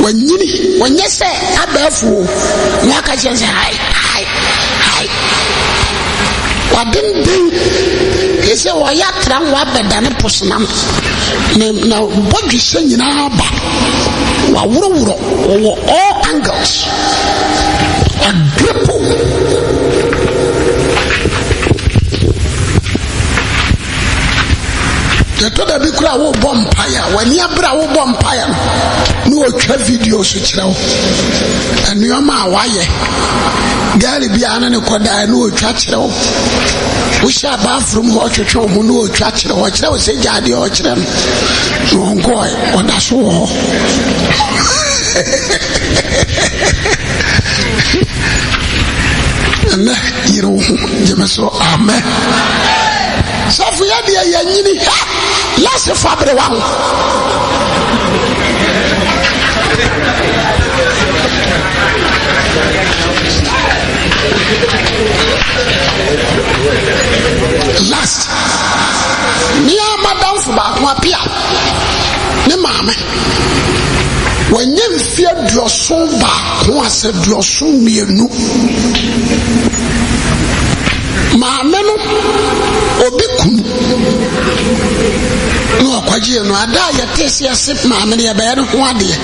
wanyini wɔnyɛ sɛ abɛɛfoo na aka kyerɛ sɛ hai hai hai wadenden ɛɛ sɛ wɔyɛ atra waabɛdane posenam na bɔdwesɛ nyinaa ba waworɔworɔ wɔwɔ all angles. Agripo. yɛtɔ da bi kura a wobɔ mpaeɛ a w'ani abere a wobɔ mpaeɛ no na wɔtwa video so kyerɛ wo nneɔma a wayɛ gaari biara ne ne kɔdaa na wɔtwa kyerɛ wo wohyɛ abaaforom hɔ twetwe wo ho na wɔtwa kyerɛ hɔ kyerɛ wo sɛ gya adeɛ ɔkyerɛ no na wɔnkɔɛ ɔda so wɔ hɔ ɛnɛ yɛrɛ wo ho gyeme so amɛ sɛfo yɛdeɛ yɛnyini ha lase fa bere wa ho last nea madamfo baako apia ne maame wɔnyɛ mfeɛ duɔson baako a sɛ duɔson mmienu maame no obi kunu na ɔkɔgyeɛ no ada a yɛte sɛ yɛse maame no yɛbɛyɛ no ho adeɛ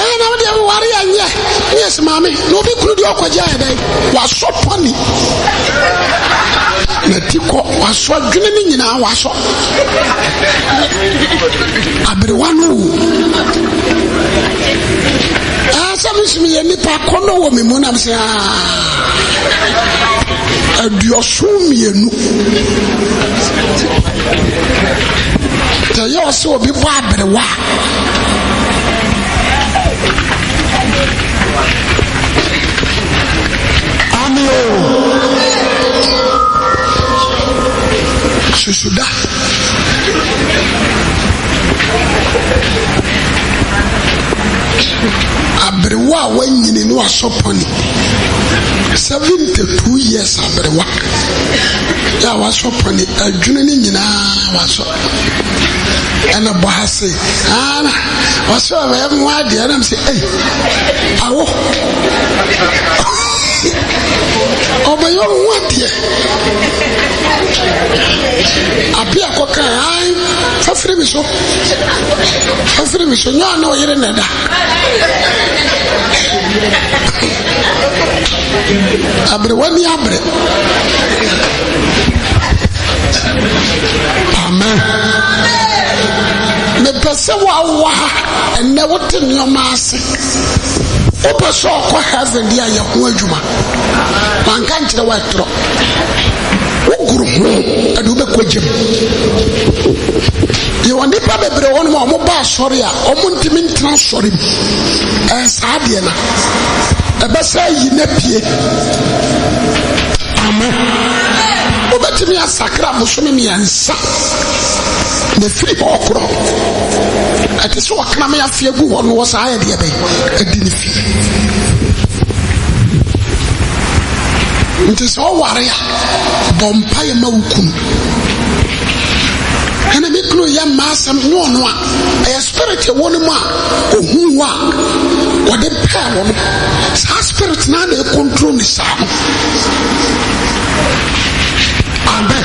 ɛna awari ɛnyɛ ne yɛsi maame na obi kunu deɛ ɔkɔgye ayɛ dɛn wasɔ pɔni na ti kɔ wasɔ dwene ne nyinaa wasɔ aberewa no wo ɛsɛ mesome yɛ nnipa kɔnɔ wɔ me mu nam sɛ aduɔson mmienu sɛ yɛ ɔ sɛ obi bɔ aberewa a Ami o. Susuda. aberewa a wanyini ne wasɔpɔne seventy two years aberewa yɛ a wasɔpɔne adwene ne nyinaa wasɔ ɛna bɔ ha se ana ɔsɛ ɔbɛyɛ mu adeɛ ɛna sɛ ɛyi awo ɔbɛyɛ mu adeɛ apia kɔka ayi fafiri mi so fafiri mi so nyɔɔ na ɔyere na ɛda abere wani abere amen mepɛ sɛ woawo ha ɛnɛ wote nneɔma ase wopɛ sɛ ɔkɔ heaven deɛ a yɛho adwuma manka nkyerɛ woatorɔ wogoro ho ɛde wobɛkɔ gyem yɛwɔ nnipa bebree hɔ nom a ɔmoba asɔre a ɔmo ntimi ntena sɔre mu ɛɛ saa deɛ na ɛbɛsɛ yi na pie amen obetumi asakra bosome mmiɛnsa na firi hɔ korɔ ɛte sɛ wɔkena me afie gu hɔ no wɔ saa yɛdeɛ bɛn adi ne fi nti sɛ ɔware a bɔ mpayɛ ma wo kunu ɛna me yɛ mmaa asɛm ne ɔno a ɛyɛ spirit ɛwɔ no mu a ɔhu wɔ a wɔde pɛɛ wɔ no saa spirit naa na ɛkontrol ne saa no amen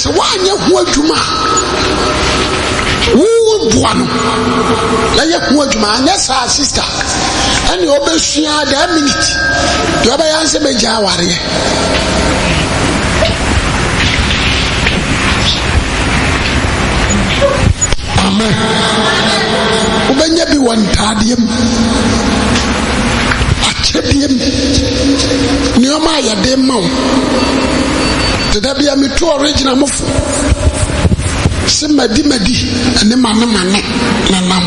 sɛ woanyɛ ho adwuma wowo boa no na yɛ ho adwuma anyɛ saa sister ɛne ɔbɛsua daa minute deɛ ɔbɛyɛ nsɛ bɛgya awareɛ amen wobɛnya bi wɔ ntaadeɛ mu akyɛ biem nneɔma a yɛde ma wo nti da bia metu ɔregyina mofo sɛ madimadi ne mane mane na nam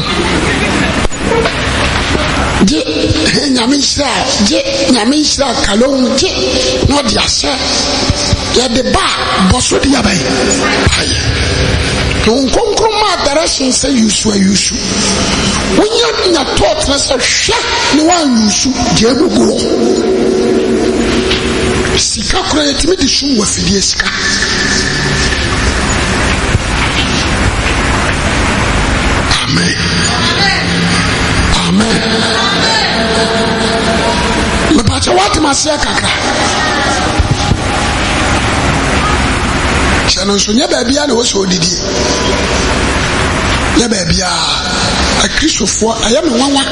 gye nyame nhyira a gye nyame nhyira a kalohu gye na ɔde ahyɛ yɛde ba a bɔ so de yɛbɛyɛ ayɛ na wo nkronkron ma sɛ yusu ayusu wonya nya tɔɔtena sɛ hwɛ ne woanyusu gyeɛ no gu hɔ sika kura yɛtumi de sum wɔ afidie sika amen amen mepakyɛ woatem aseɛ kakra hyɛ no nso nyɛ baabia na ɛwɔ sɛ ɔdidie nyɛ baabia akristofoɔ ɛyɛ me nwanwa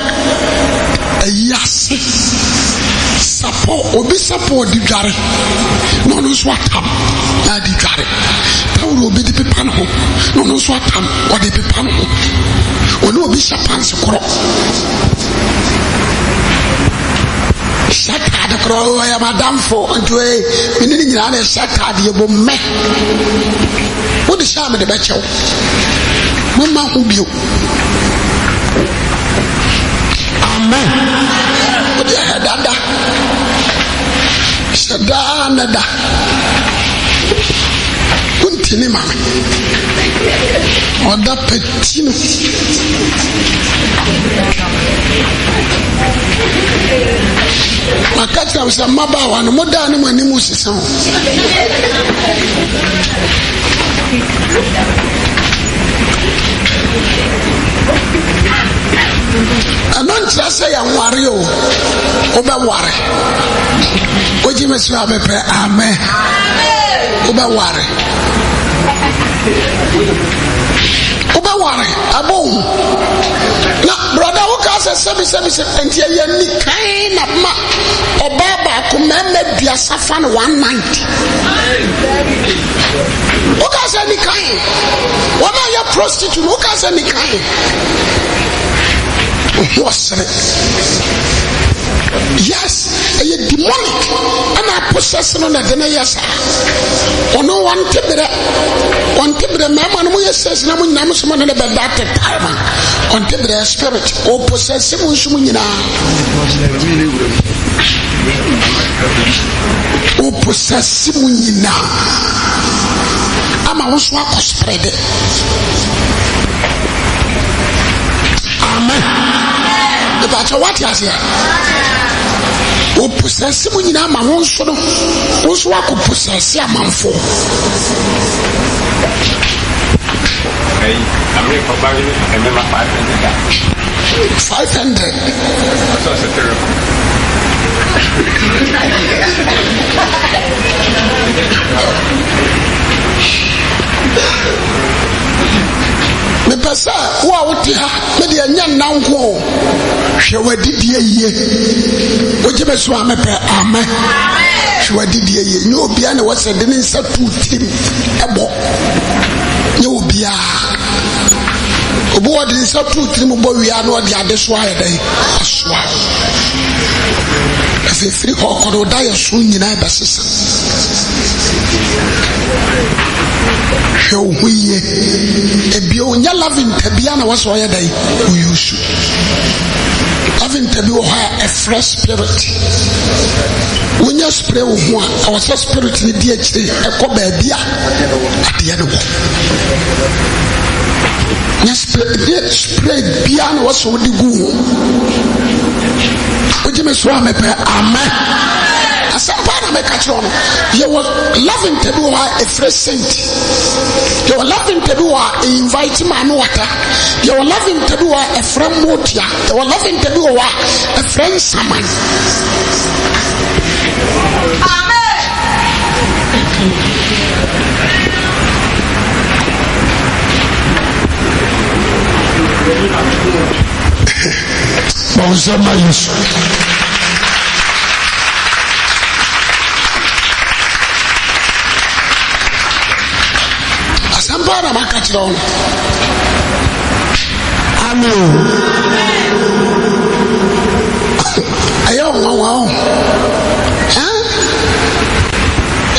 ayi ase sapɔ obi sapɔ di dware na ɔno nso atam na adi dware tawuro obi di pepa ne ho na ɔno nso atam ɔde pepa ne ho ɔne obi hyɛ pansi korɔ hyɛ ataade korɔ ɔyɛ oh, madamfo nti oye oh, eh, mene ne nyinaa na ɛhyɛ ataade yɛ bɔ mmɛ wode hyɛ a mede bɛkyɛw mama ho bio amen wode ɛhɛ eh, dada yɛ daa na da wontini ma me ɔda pati no maka kyerɛ wo sɛ mmabaawa no modaa ne mo anim sesa ho Thank you ɛno nkyerɛ sɛ yɛnware o wobɛware wogye me so a mepɛ amɛ wobɛware wobɛware abɔm na brɔda woka sɛ sɛbisɛbisɛ ɛnti ɛyɛ ni kan na ma ɔbaa baako mɛma biasa fa no 190 woka sɛ nikae wɔma yɛ prostitute woka sɛ nikae wɔsere yes ɛyɛ demonic ɛna aposɛs no na ɛde ne yɛ saa ɔno wɔnte berɛ ɔnte berɛ mmarima no moyɛ sɛs na mo nyinaa mosoma ne ne bɛda ate time a ɔnte berɛ spirit ɔposɛse mo nso mo nyinaa ɔposɛse mo nyinaa ama wo so akɔ sprɛde mepakyɛ wate aseɛ woposɛse mu nyinaa ma wo nso no wo nso woakɔ posɛse amanfo five hundred mepɛ sɛ wo a wote ha mede ɛnyɛ nnanko hwɛ w'adidie yie wogye me so a mepɛ amɛ hwɛ w'adidie yie nyɛ obia ne wɔsɛ de ne nsa too tirim ɛbɔ nyɛ obiaa obi wɔde nsa too tirim bɔ wiea na ɔde ade so ayɛ dɛn asoa afifiri hɔ kɔdɔ ɔda yɛ so nyinaa bɛsesa hwɛ wo ho yie ebie onyɛ love ntabea na wɔsɛ ɔyɛ dɛn woyɛ su love ntabi wɔ hɔ a ɛfrɛ spirit wonyɛ spray wo ho a ɛwɔ spirit no di akyire ɛkɔ baabi a adeɛ no wɔ nyɛ spray bia na wɔsɛ wode gu ho wogyeme so a mepɛ amɛ asɛmpa na a ɛfrɛ saint yɛwɔ love ntabi wɔ a ɛinvite ma no wata yɛwɔ love ntabi wɔ a ɛfrɛ mmotia yɛwɔ love ntabi a amen fa wo nsa ma yesu asɛmpa ara maka kyerɛ wo ame o ɛyɛ ɔwawa o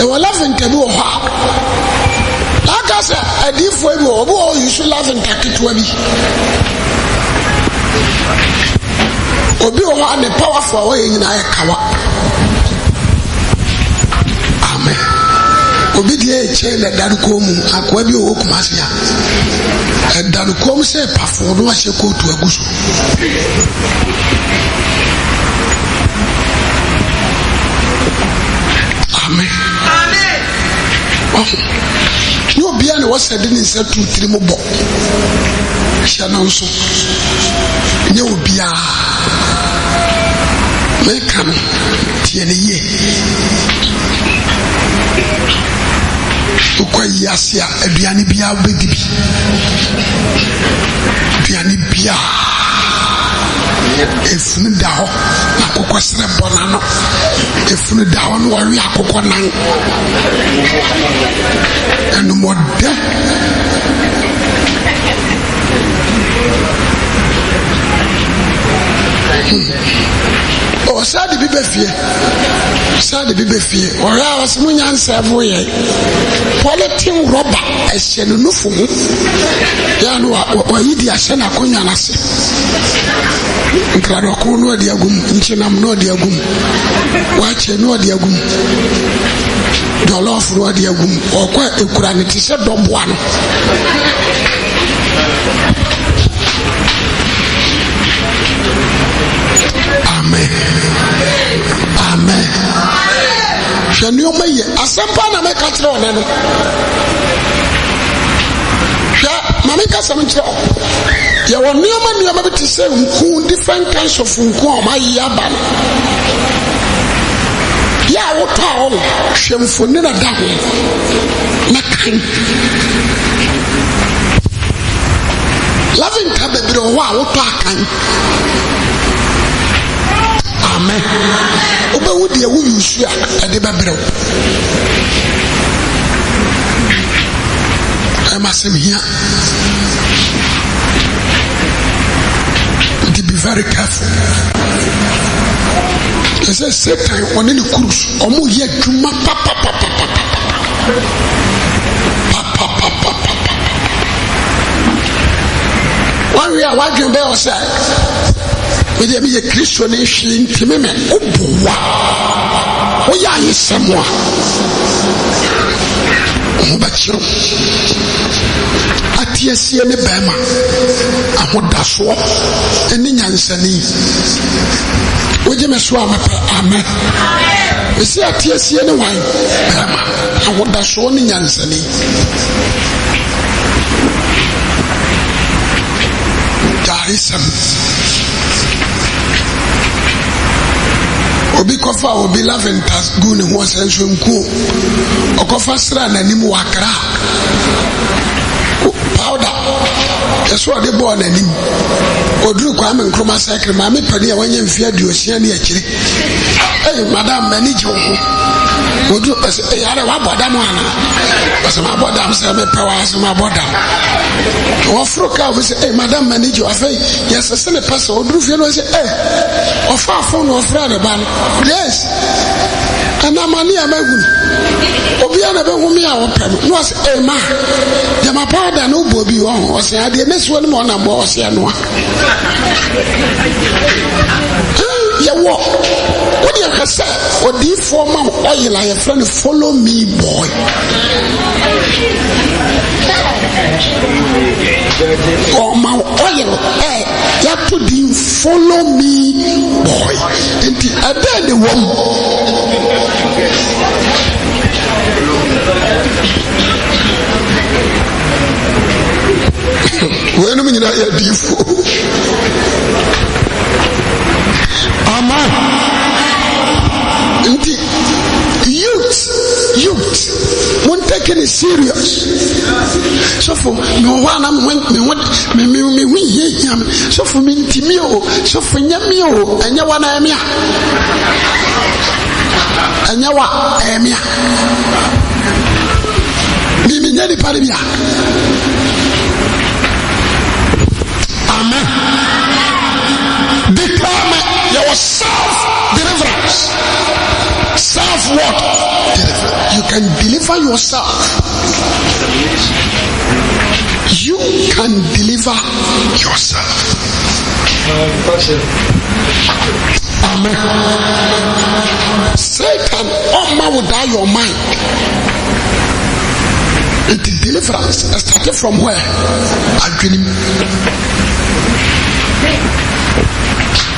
ɛwɔ lafinta bi wɔ hɔ a laaka sɛ adiifoɔ bi wɔ ɔbi wɔ yusu lafinta ketewa bi obi wɔ hɔ a ne powerful a wɔyɛ nyinaa yɛ kawa amen obi deɛ ɛkyɛn na ɛdane kɔn mu akoa bi ɔwɔ kuma ase a ɛdane sɛ pafoɔ no wahyɛ kootu agu so amen ɔho ne obiara na wɔsɛ de ne nsa tu tirim bɔ hyɛ no nso nyɛ obiara meka no tiɛ ne yie wokɔ yi ase a aduane biara wobɛdi bi aduane biara efunu da hɔ akokɔ srɛ bɔ n'ano efunu da hɔ no wɔwe akokɔ nan enumɔdɛ ɔwɔ de bi bɛ fie saa de bi bɛ fie ɔhwɛ a ɔsɛ mo nyansa fo yɛ pɔlitin rɔba ɛhyɛ no nufu ho yɛa no wayi de ahyɛ n'akonnwa n'ase nkradɔko no ɔde agum nkyenam no ɔde agum no agum no agum ɔkɔ ekura ne ti sɛ amen amen hwɛ nneɛma yie asɛm pa na meka kyerɛ ɔne no hwɛ maame kasɛm kyerɛ ɔ yɛwɔ nneɛma nneɛma bi te sɛ nku different kinds of nku a ɔma yie aba no yɛ a wotɔ a ɔno hwɛ mfoni na da ho na kan lavenka bebree wɔ hɔ a wotɔ akan amen wobɛwu deɛ wo yusu a ɛde bɛbrɛ wo ɛma sɛm hia nti be very careful ɛ sɛ satan ɔne ne kurus ɔmo yɛ adwuma papapapapapapapapapapapa wɔnwe a woadwene bɛyɛ ɔ sɛ mede meyɛ kristo ne hwee ntimi me woboa woyɛ ayesɛm a mobɛkyerɛw ateaseɛ ne bɛrima ahodasoɔ ɛne nyansani wogye me so a mepɛ amɛ ɛsɛ ateaseɛ ne wan bɛrima ahodasoɔ ne nyansani gyaresɛm obi kɔfa obi laughing pass gu ne ho ɔsɛ nso nkuo ɔkɔfa sra n'anim wakra powder ɛso ɔde bɔɔ n'anim oduru kwame nkruma sɛkiri maame panin a wɔnyɛ mfe aduosia ne akyire ɛyɛ madam mani gye wo ho. odu ɛsɛ ɛyare wabɔ dam ana ɔsɛ ma bɔ dam sɛ mepɛ wa sɛ ma bɔ dam madam manager afei yɛsɛ sɛ ne pɛ sɛ fie no sɛ ɛ ɔfa afɔ na ɔfra ne ba ɛnamani a ma wunu na bɛ wumi a ɔpɛ ma jama paada na ɔbɔ bi wɔn ɔsɛ adeɛ ne soɔ hwɛ sɛ odiifoɔ ma wo ɔyel a yɛfrɛ no follow me boy ɔma wo ɔyel ɛ yɛato din follow me boy nti ɛdɛn ne wɔm weinom nyinaa yɛ adiifoɔ ama youth youth mo n take it serious sọfọ mi wọ hàn mi wọn mi mi mi me, yie yia mi sọfọ mi nti mi o sọfọ nyẹ mi o ẹnyẹ wa na ẹmi a ẹnyẹ wa ẹmi me, mi mi nyẹ nipa de bi a amen for self deliverance. Self what? Deliverance. You can deliver yourself. You can deliver yourself. Amen. Satan, oh man, will die your mind. It is deliverance started from where? Adrenaline.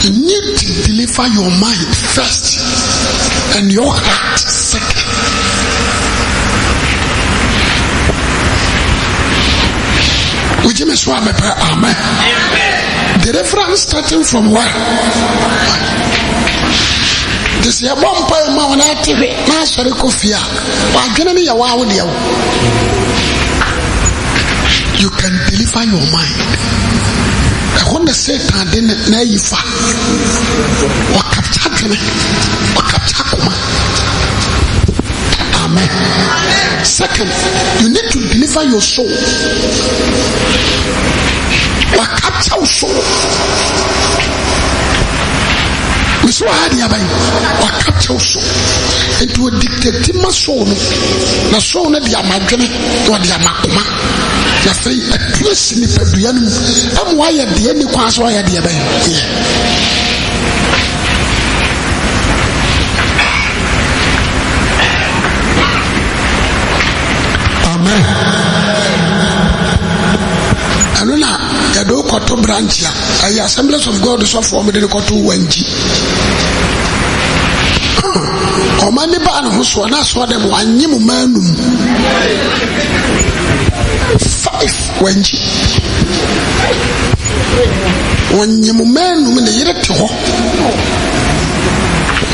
You need to deliver your mind first and your heart second. Would you miss what my prayer? Amen. The reference starting from where? This year, one point, my one at it, my sorry, coffee. Why can I be a wow? You can deliver your mind ɛhɔ na satan de n'ayi fa ɔkapta dwene ɔkapta koma amen second you need to deliver your soul wakapta wo soul ɛwɔ sɛ deɛ aban waka wo so nti wɔdiktati ma soo no na soo no de amadwene na ɔde amakoma na afei apue si nipadua no mu ɛma wayɛ deɛ ni kwan so wayɛ deɛ bɛn yɛ amen ɛno na yɛde wo kɔto branch a ɛyɛ assemblies of god sɔfoɔ mede ne kɔto wo wankyi hmm. ɔma ne baa ne ho soɔ na soɔ dɛm wanye mo ma anum five wankyi wɔnye mo ma anum ne yere te hɔ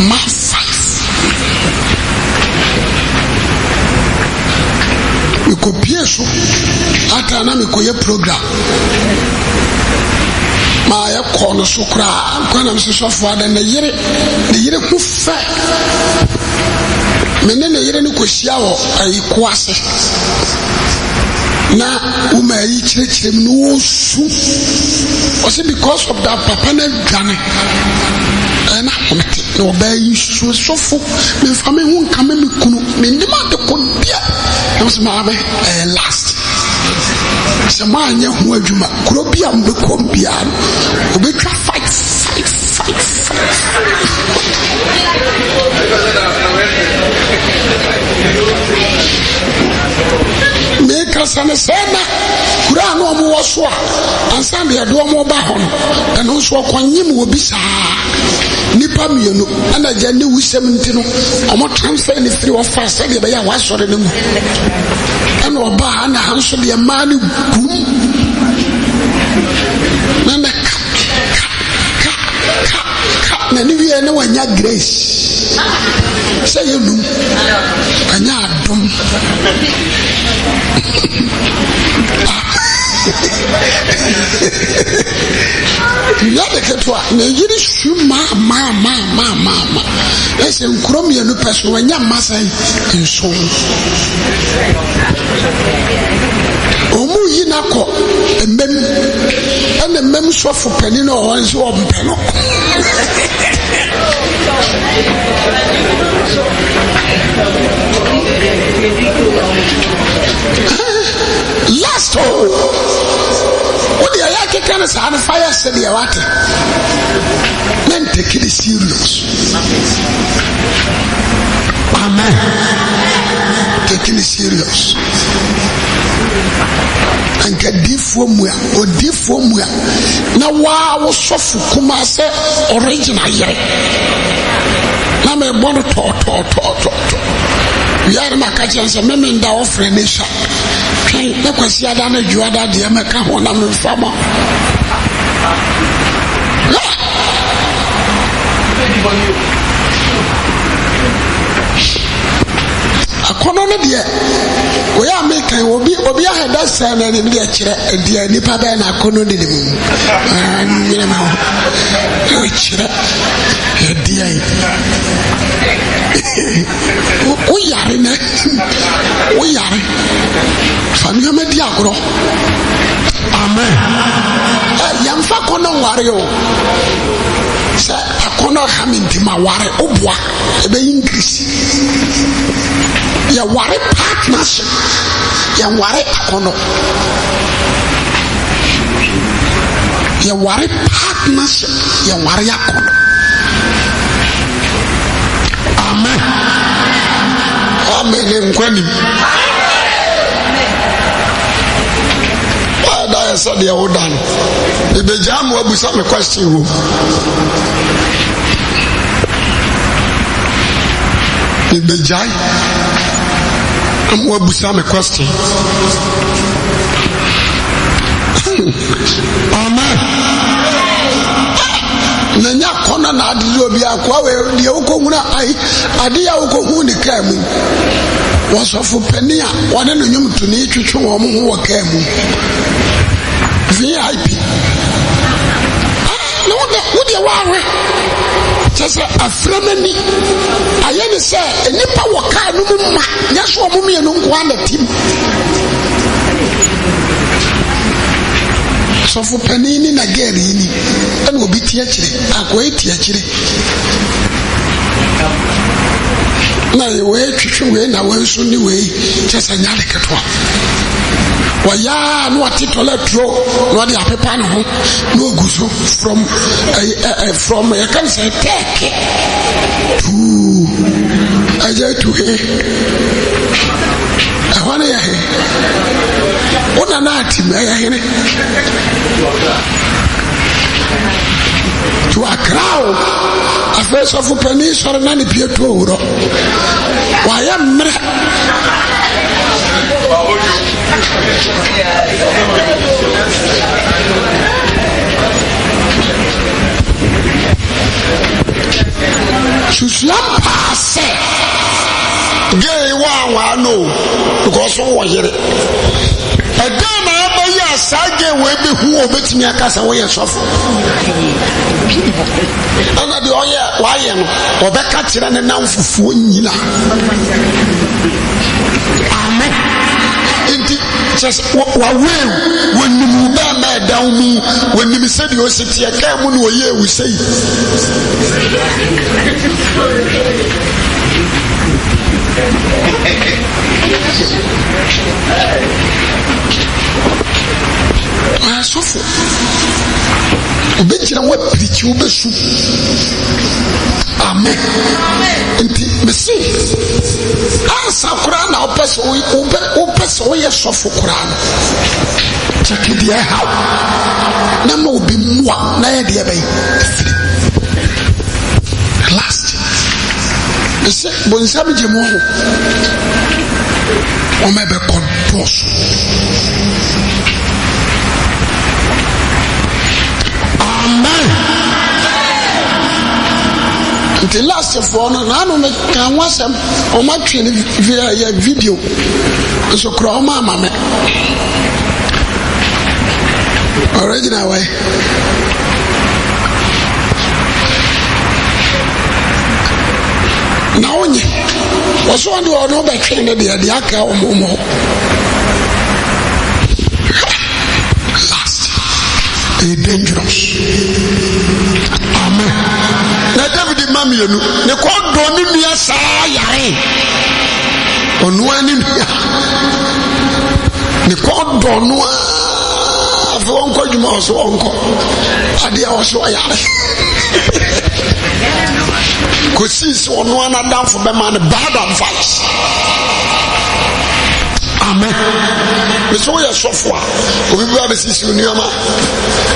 mas mekɔpie so ataa na mekɔyɛ program maa yɛkɔ no so koraa nkwa nam sɛ sɔfoɔ ada ne yere ne yere ho fɛ me ne yere no kɔhyia wɔ ayiko ase na woma ayi kyerɛkyerɛ mu no wɔsu ɔsɛ because of that papa no adwane ɛna ɔmete na ɔbaa yi suo sɔfo memfa me ho nka me kunu mennim ade kɔdeɛ ɛnso maame ɛyɛ last sɛ maanyɛ ho adwuma kuro bi a mbɛkɔm biara no obɛtwa fight fight fight fight kasa ne sɛɛ na kura a na ɔmo wɔ so a ansa deɛ de ɔmo ba hɔ no ɛno nso ɔkɔnyim wɔ bi saa nipa mmienu ɛna gya ne wusɛm nti no ɔmo transfer ne firi ɔfa sɛdeɛ bɛyɛ a wasɔre ne mu ɛna ɔbaa ɛna ha nso deɛ mmaa ne gum nana na ne wie ne wanya grace sɛ yɛnum wanya adom ah. nnua de ketewa na yiri su maamaamaamaamaama ɛsɛ nkuro mmienu pɛ so wanya mma sɛn nson ɔmu yi nakɔ mbɛmu ɛna mmam sɔfo panin na ɔwɔ nso ɔmpɛ no last o wode ɛyɛ akeka no saa no fa sɛdeɛ wate na ntɛkide serious amen taking it serious anka diifoɔ mu a odiifoɔ mu a na waa wosɔfo kuma sɛ original yere na mebɔ no tɔɔtɔɔtɔɔtɔ wiare maka kyerɛ sɛ memenda wɔfrɛ ne sa twɛn ne kwasi ada no adwuada deɛ mɛka ho na memfa ma Yeah. kɔnɔ no deɛ wɔyɛ a meka obi obi ahada sɛ no anim deɛ kyerɛ deɛ nnipa bɛɛ na akɔnɔ de ne ah, mu nyerɛma ho ɛkyerɛ ɛdeɛ woyare nɛ woyare fa nneɛma di agorɔ amen eh, yɛmfa kɔnɔ nware o sɛ ɛkoro na ɔha me ntim aware woboa ɛbɛyi nkirisi yɛware partnership yɛware akɔnɔ yɛware partnership yɛware akɔnɔ amen amen nkwanim ɛsɛ deɛ woda no mebɛgyaa ma wabusa me question wom mebɛgyae ama wabusa me question hmm. amen na nya kɔnɔ na ade de obi akoa wɛ deɛ wokɔhunu ai ade a wokɔhu ne kaa mu wɔsɔfo pani a wɔne no nwom to ne twetwe wɔn ho wɔ kaa mu ip ah, na wode wodeɛ woawe kyɛ sɛ afrɛ no ani ayɛ ne sɛ nnipa wɔ kaa no mu ma nyɛ so ɔ momienu nkoa na tim sɔfo panin ne na gɛɛre yi ni ɛna obi tie akyire akɔyɛ tie akyire na wei twitwi wei na wei nso ne wei kyɛ sɛ nyare ketewa wɔyɛ a na wɔte toilet ro na wɔde apepa ne ho na ogu so from ɛɛ eh, ɛɛ eh, eh, from yɛka ne sɛ tɛɛke tuu ɛyɛ tuhe ɛhɔ ne yɛ he wona na ati mu ɛyɛ hene to akra o afei sɔfo panin sɔre na ne pie to owurɔ wayɛ mmerɛ susua paa sɛ gay waa waa no because wɔn wɔ yere ɛdan adeɛ wɔabi hu a wɔbɛtumi akasa wɔyɛ sɔfo ɛna deɛ ɔyɛ wayɛ no ɔbɛka kyerɛ ne nam fufuo nyina amen nti kyɛsɛ waweew wɔnim wo bɛɛma ɛda wo mu wɔnim sɛdeɛ ɔsi teɛ kaa mu ne ɔyɛɛ wo sɛi Hey asɔfo obi gyina hɔ apirikyi wobɛsu amen nti mesi ansa koraa na wopɛ sɛ wopɛ sɛ woyɛ sɔfo koraa no kyɛke deɛ ɛhaw na ma obi mmoa na yɛ deɛ bɛyɛ ɛfiri last ɛsɛ bonsam gye mu ho wɔma ɛbɛkɔntɔɔ so amen nti lastfoɔ no naano me ka ho asɛm ɔma twe no via yɛ video nso ama me na wonye ɔno deɛ deɛ aka ɛyɛ dangerous amen na david ma mmienu ne kɔdɔ ne nua saa yare ɔnoa ne nua ne kɔdɔ noa afei wɔnkɔ adwuma wɔ so wɔnkɔ adeɛ wɔ so ɔyare kosii sɛ ɔnoa no adamfo bɛma no bad advice amen mesɛ woyɛ sɔfo a obi bi abɛsisiw nneɔma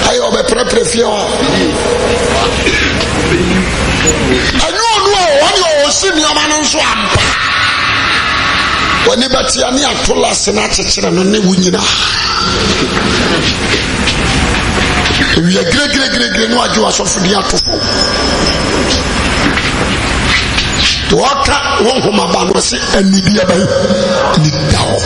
ayɛ ɔbɛprɛprɛ fie hɔ ɛnyɛ ɔnu a ɔne ɔwɔsi nneɔma no nso ampa w'ani bɛtea ne ato lase no akyekyere no ne wo nyinaa ewia giregiregiregire ne wagye w'asɔfo din ato fo honhom aba no sɛ ani bi ɛbɛn ni da hɔ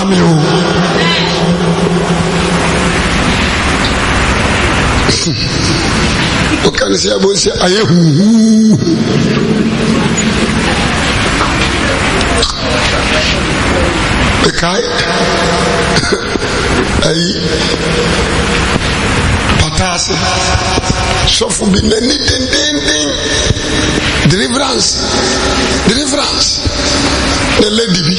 ame o woka no sɛ ɛbɔ sɛ ayɛ huhuu ɛkae ɛyi pata ase sɔfo bi n'ani dendenden deliverance deliverance na lady bi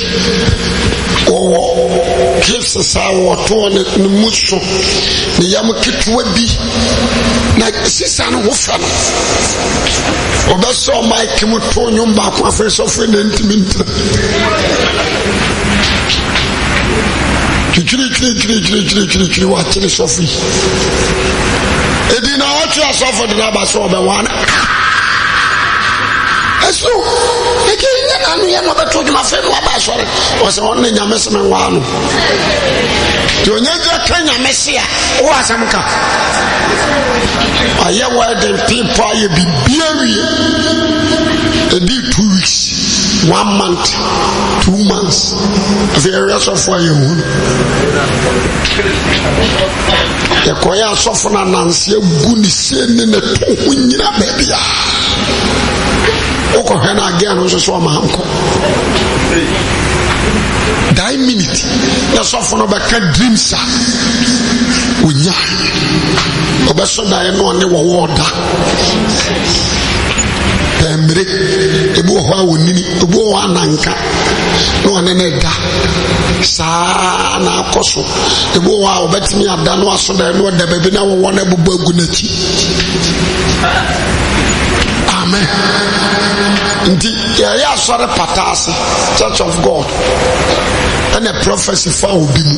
wɔwɔ clips saa wɔtɔn ne ne mu so ne yam ketewa bi na sisan no wofa no ɔbɛsɛ ɔmaa kemu tɔn nyɔm baako afɛ sɔfo na ntumi ntina twitwirikyirikyirikyirikyirikyiri wakyere sɔfo yi ɛdi na wɔtwe asɔfo de naba sɛ ɔbɛwane ɛso ɛgye nyɛ na no yɛ na ɔbɛto dwuma fɛ no waba asɔre ɔsɛ ɔne nyame seme nwaa no nti ɔnya gya ka nyame se a wowɔ asɛm ka ɔyɛ wɔden pepa yɛ bibia wie ɛdi two weeks one month two months afei yɛwɛ asɔfoɔ a yɛhu no yɛkɔyɛ asɔfo no ananseɛ gu ne sie ne ne to ho nyina baabia wokɔhwɛ no na no nso sɛ ɔmaa nkɔ die minute na sɔfo no bɛka dreams a onya ɔbɛsɔ daeɛ ne wọwọ wɔwɔɔ da atammire ebi wɔ hɔ a wɔnini ebi wɔ hɔ ananka na ɔne ne da saa na akɔ so ebi wɔ hɔ a wɔbɛtumi ada na aso da ɛno ɔda baabi na wɔwɔ no abobɔ agu n'akyi amen nti yɛyɛ asɔre pata ase church of god ɛna prophesy fa obi mu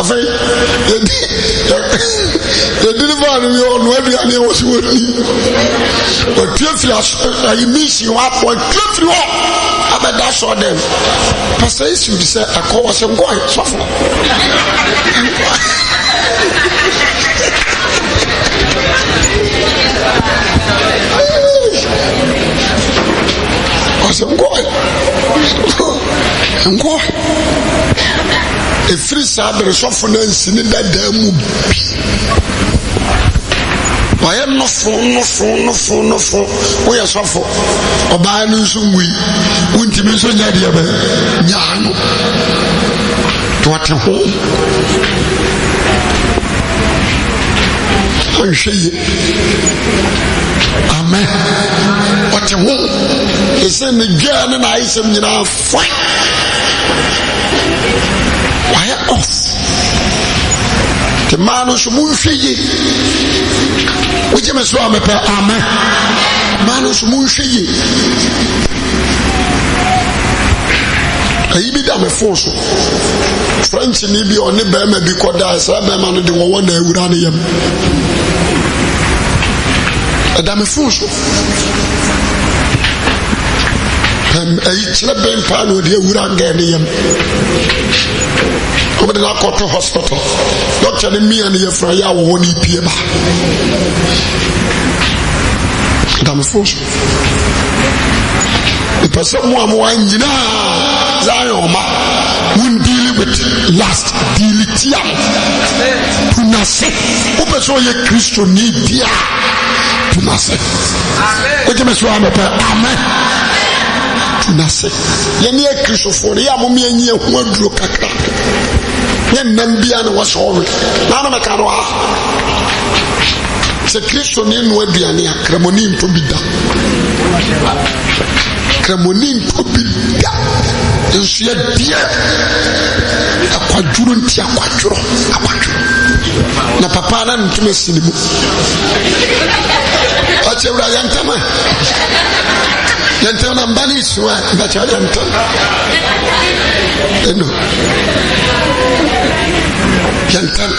afei yɛdi yɛdi ne baa no yɛ ɔno aduane ɛwɔ so wɔni wɔtue firi ayiminsin hɔ afɔ wɔtue firi hɔ abɛda sɔ dɛm pɛsɛ esi bi sɛ akɔ wɔ sɛ nkɔɛ sɔfo ɔsɛ nkɔɛ nkɔɛ ɛfiri saa bere sɔfo no ansi ne dadaa mu bi ɔyɛ nofo nofo nofo nofo woyɛ sɔfo ɔbaa no nso nwui wontimi nso nya deɛ bɛ nyaa no nti ɔte ho ɔnhwɛ yie amen ɔte ho ɛsɛ ne dwaa ne naayesɛm nyinaa fa wayɛ off te mmaa no nso monhwɛ yi wogye me so a mepɛ amɛ mmaa no nso monhwɛ yi ayi bi da me fo so french ni bi ɔne bɛrima bi kɔdaa saa bɛrima no de wɔwɔ na awura ne yam ɛda me fo so ɛm ayi kyerɛ bɛn paa na ɔde awura ngɛɛ ne yam wɔn de n'akɔtɔ hospital dɔkita ne mmea ne yɛfra yɛ awɔwɔ ne epie ba damfo nipa sɛ mu a mu wa nyinaa zion ma won deal with last deal tia tuna se wopɛ sɛ ɔyɛ kristo ni bia tuna se wogye me so amɛpɛ amen tuna se yɛne yɛ kristofoɔ no yɛ a momeɛnyi ɛho aduro kakra ne nnam bia ne wɔhyɛ ɔwe na ana mɛka no a ah, sɛ kristo ne nnoa aduane a kramoni mpɔ bi da kramoni mpɔ bi da nsua deɛ akwadworo nti akwadworo akwadworo na papa na ne ntoma si ne mu ɔkyɛ wura yɛ yɛntɛn na mba ne sua ɛbɛkyɛ yɛntɛn ɛno yɛntɛn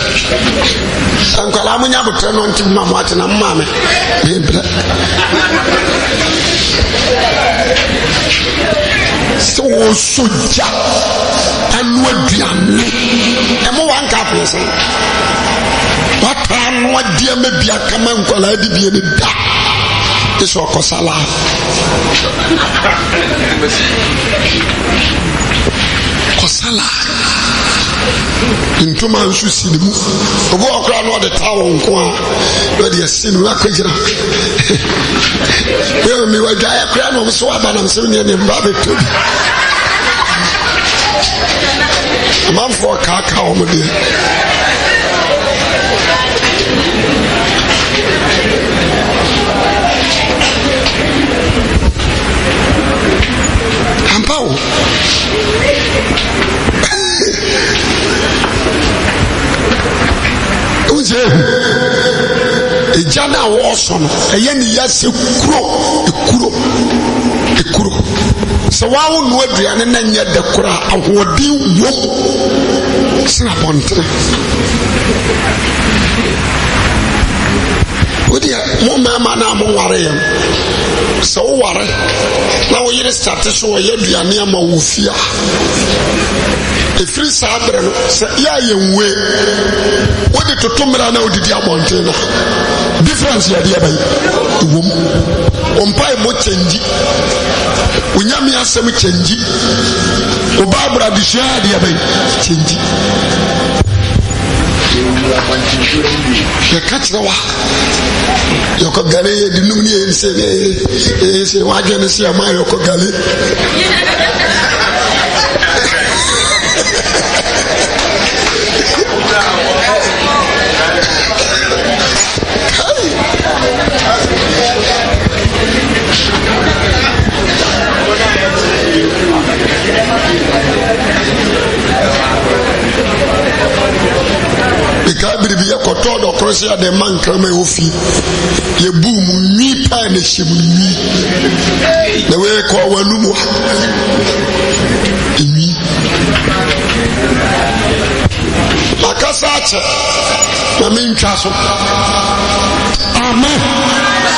sɛ nkwadaa mo nya abotire no nti ma mo atena mmaa me bɛyɛ brɛ sɛ wɔso gya anoa aduane ɛmo wanka afei sɛ wataa noa deɛ ma bi akama nkwadaa de bie ne da ɛsɛ ɔkɔsala kɔsala ntoma nso si ne mu obi wɔ koraa na ɔde taa wɔn nko a na ɔde asi ne mu akɔgyina ɛyɛ mi wadwa ayɛ koraa na ɔmo so aba na nsɛm nea ne mba abɛtɔ bi amanfoɔ kaaka wɔn deɛ. agya no a wɔɔsɔ no ɛyɛ ne ya sɛ kuro ekuro ekuro sɛ wɔawo noa aduane na nyɛ da kora a ahoɔden wom sena wodeɛ mo mmarima no a moware yɛm sɛ woware na wo yere sate so wɔyɛ aduane ama wo fie ɛfiri saa berɛ no sɛ yɛ a wode toto mmera na wodidi abɔnten no difference yɛdeɛ bɛyi ɛwom ɔmpae bɔ kyɛngyi onyame asɛm kyɛngyi wo baabra adeɛ bɛyi kyɛngyi yɛka kyerɛ wa yɛkɔ gale yɛde num ne yɛsɛ yɛsɛ wadwene se ama yɛkɔ gale meka biribi yɛkɔtɔɔ dɔkoro sɛ yɛde ma nkrama ɛwɔ fi yɛbu mu nwi paa na hyɛ mu nwi na wɔyɛkɔ w'anum wa nwi makasa akyɛ na mentwa so amen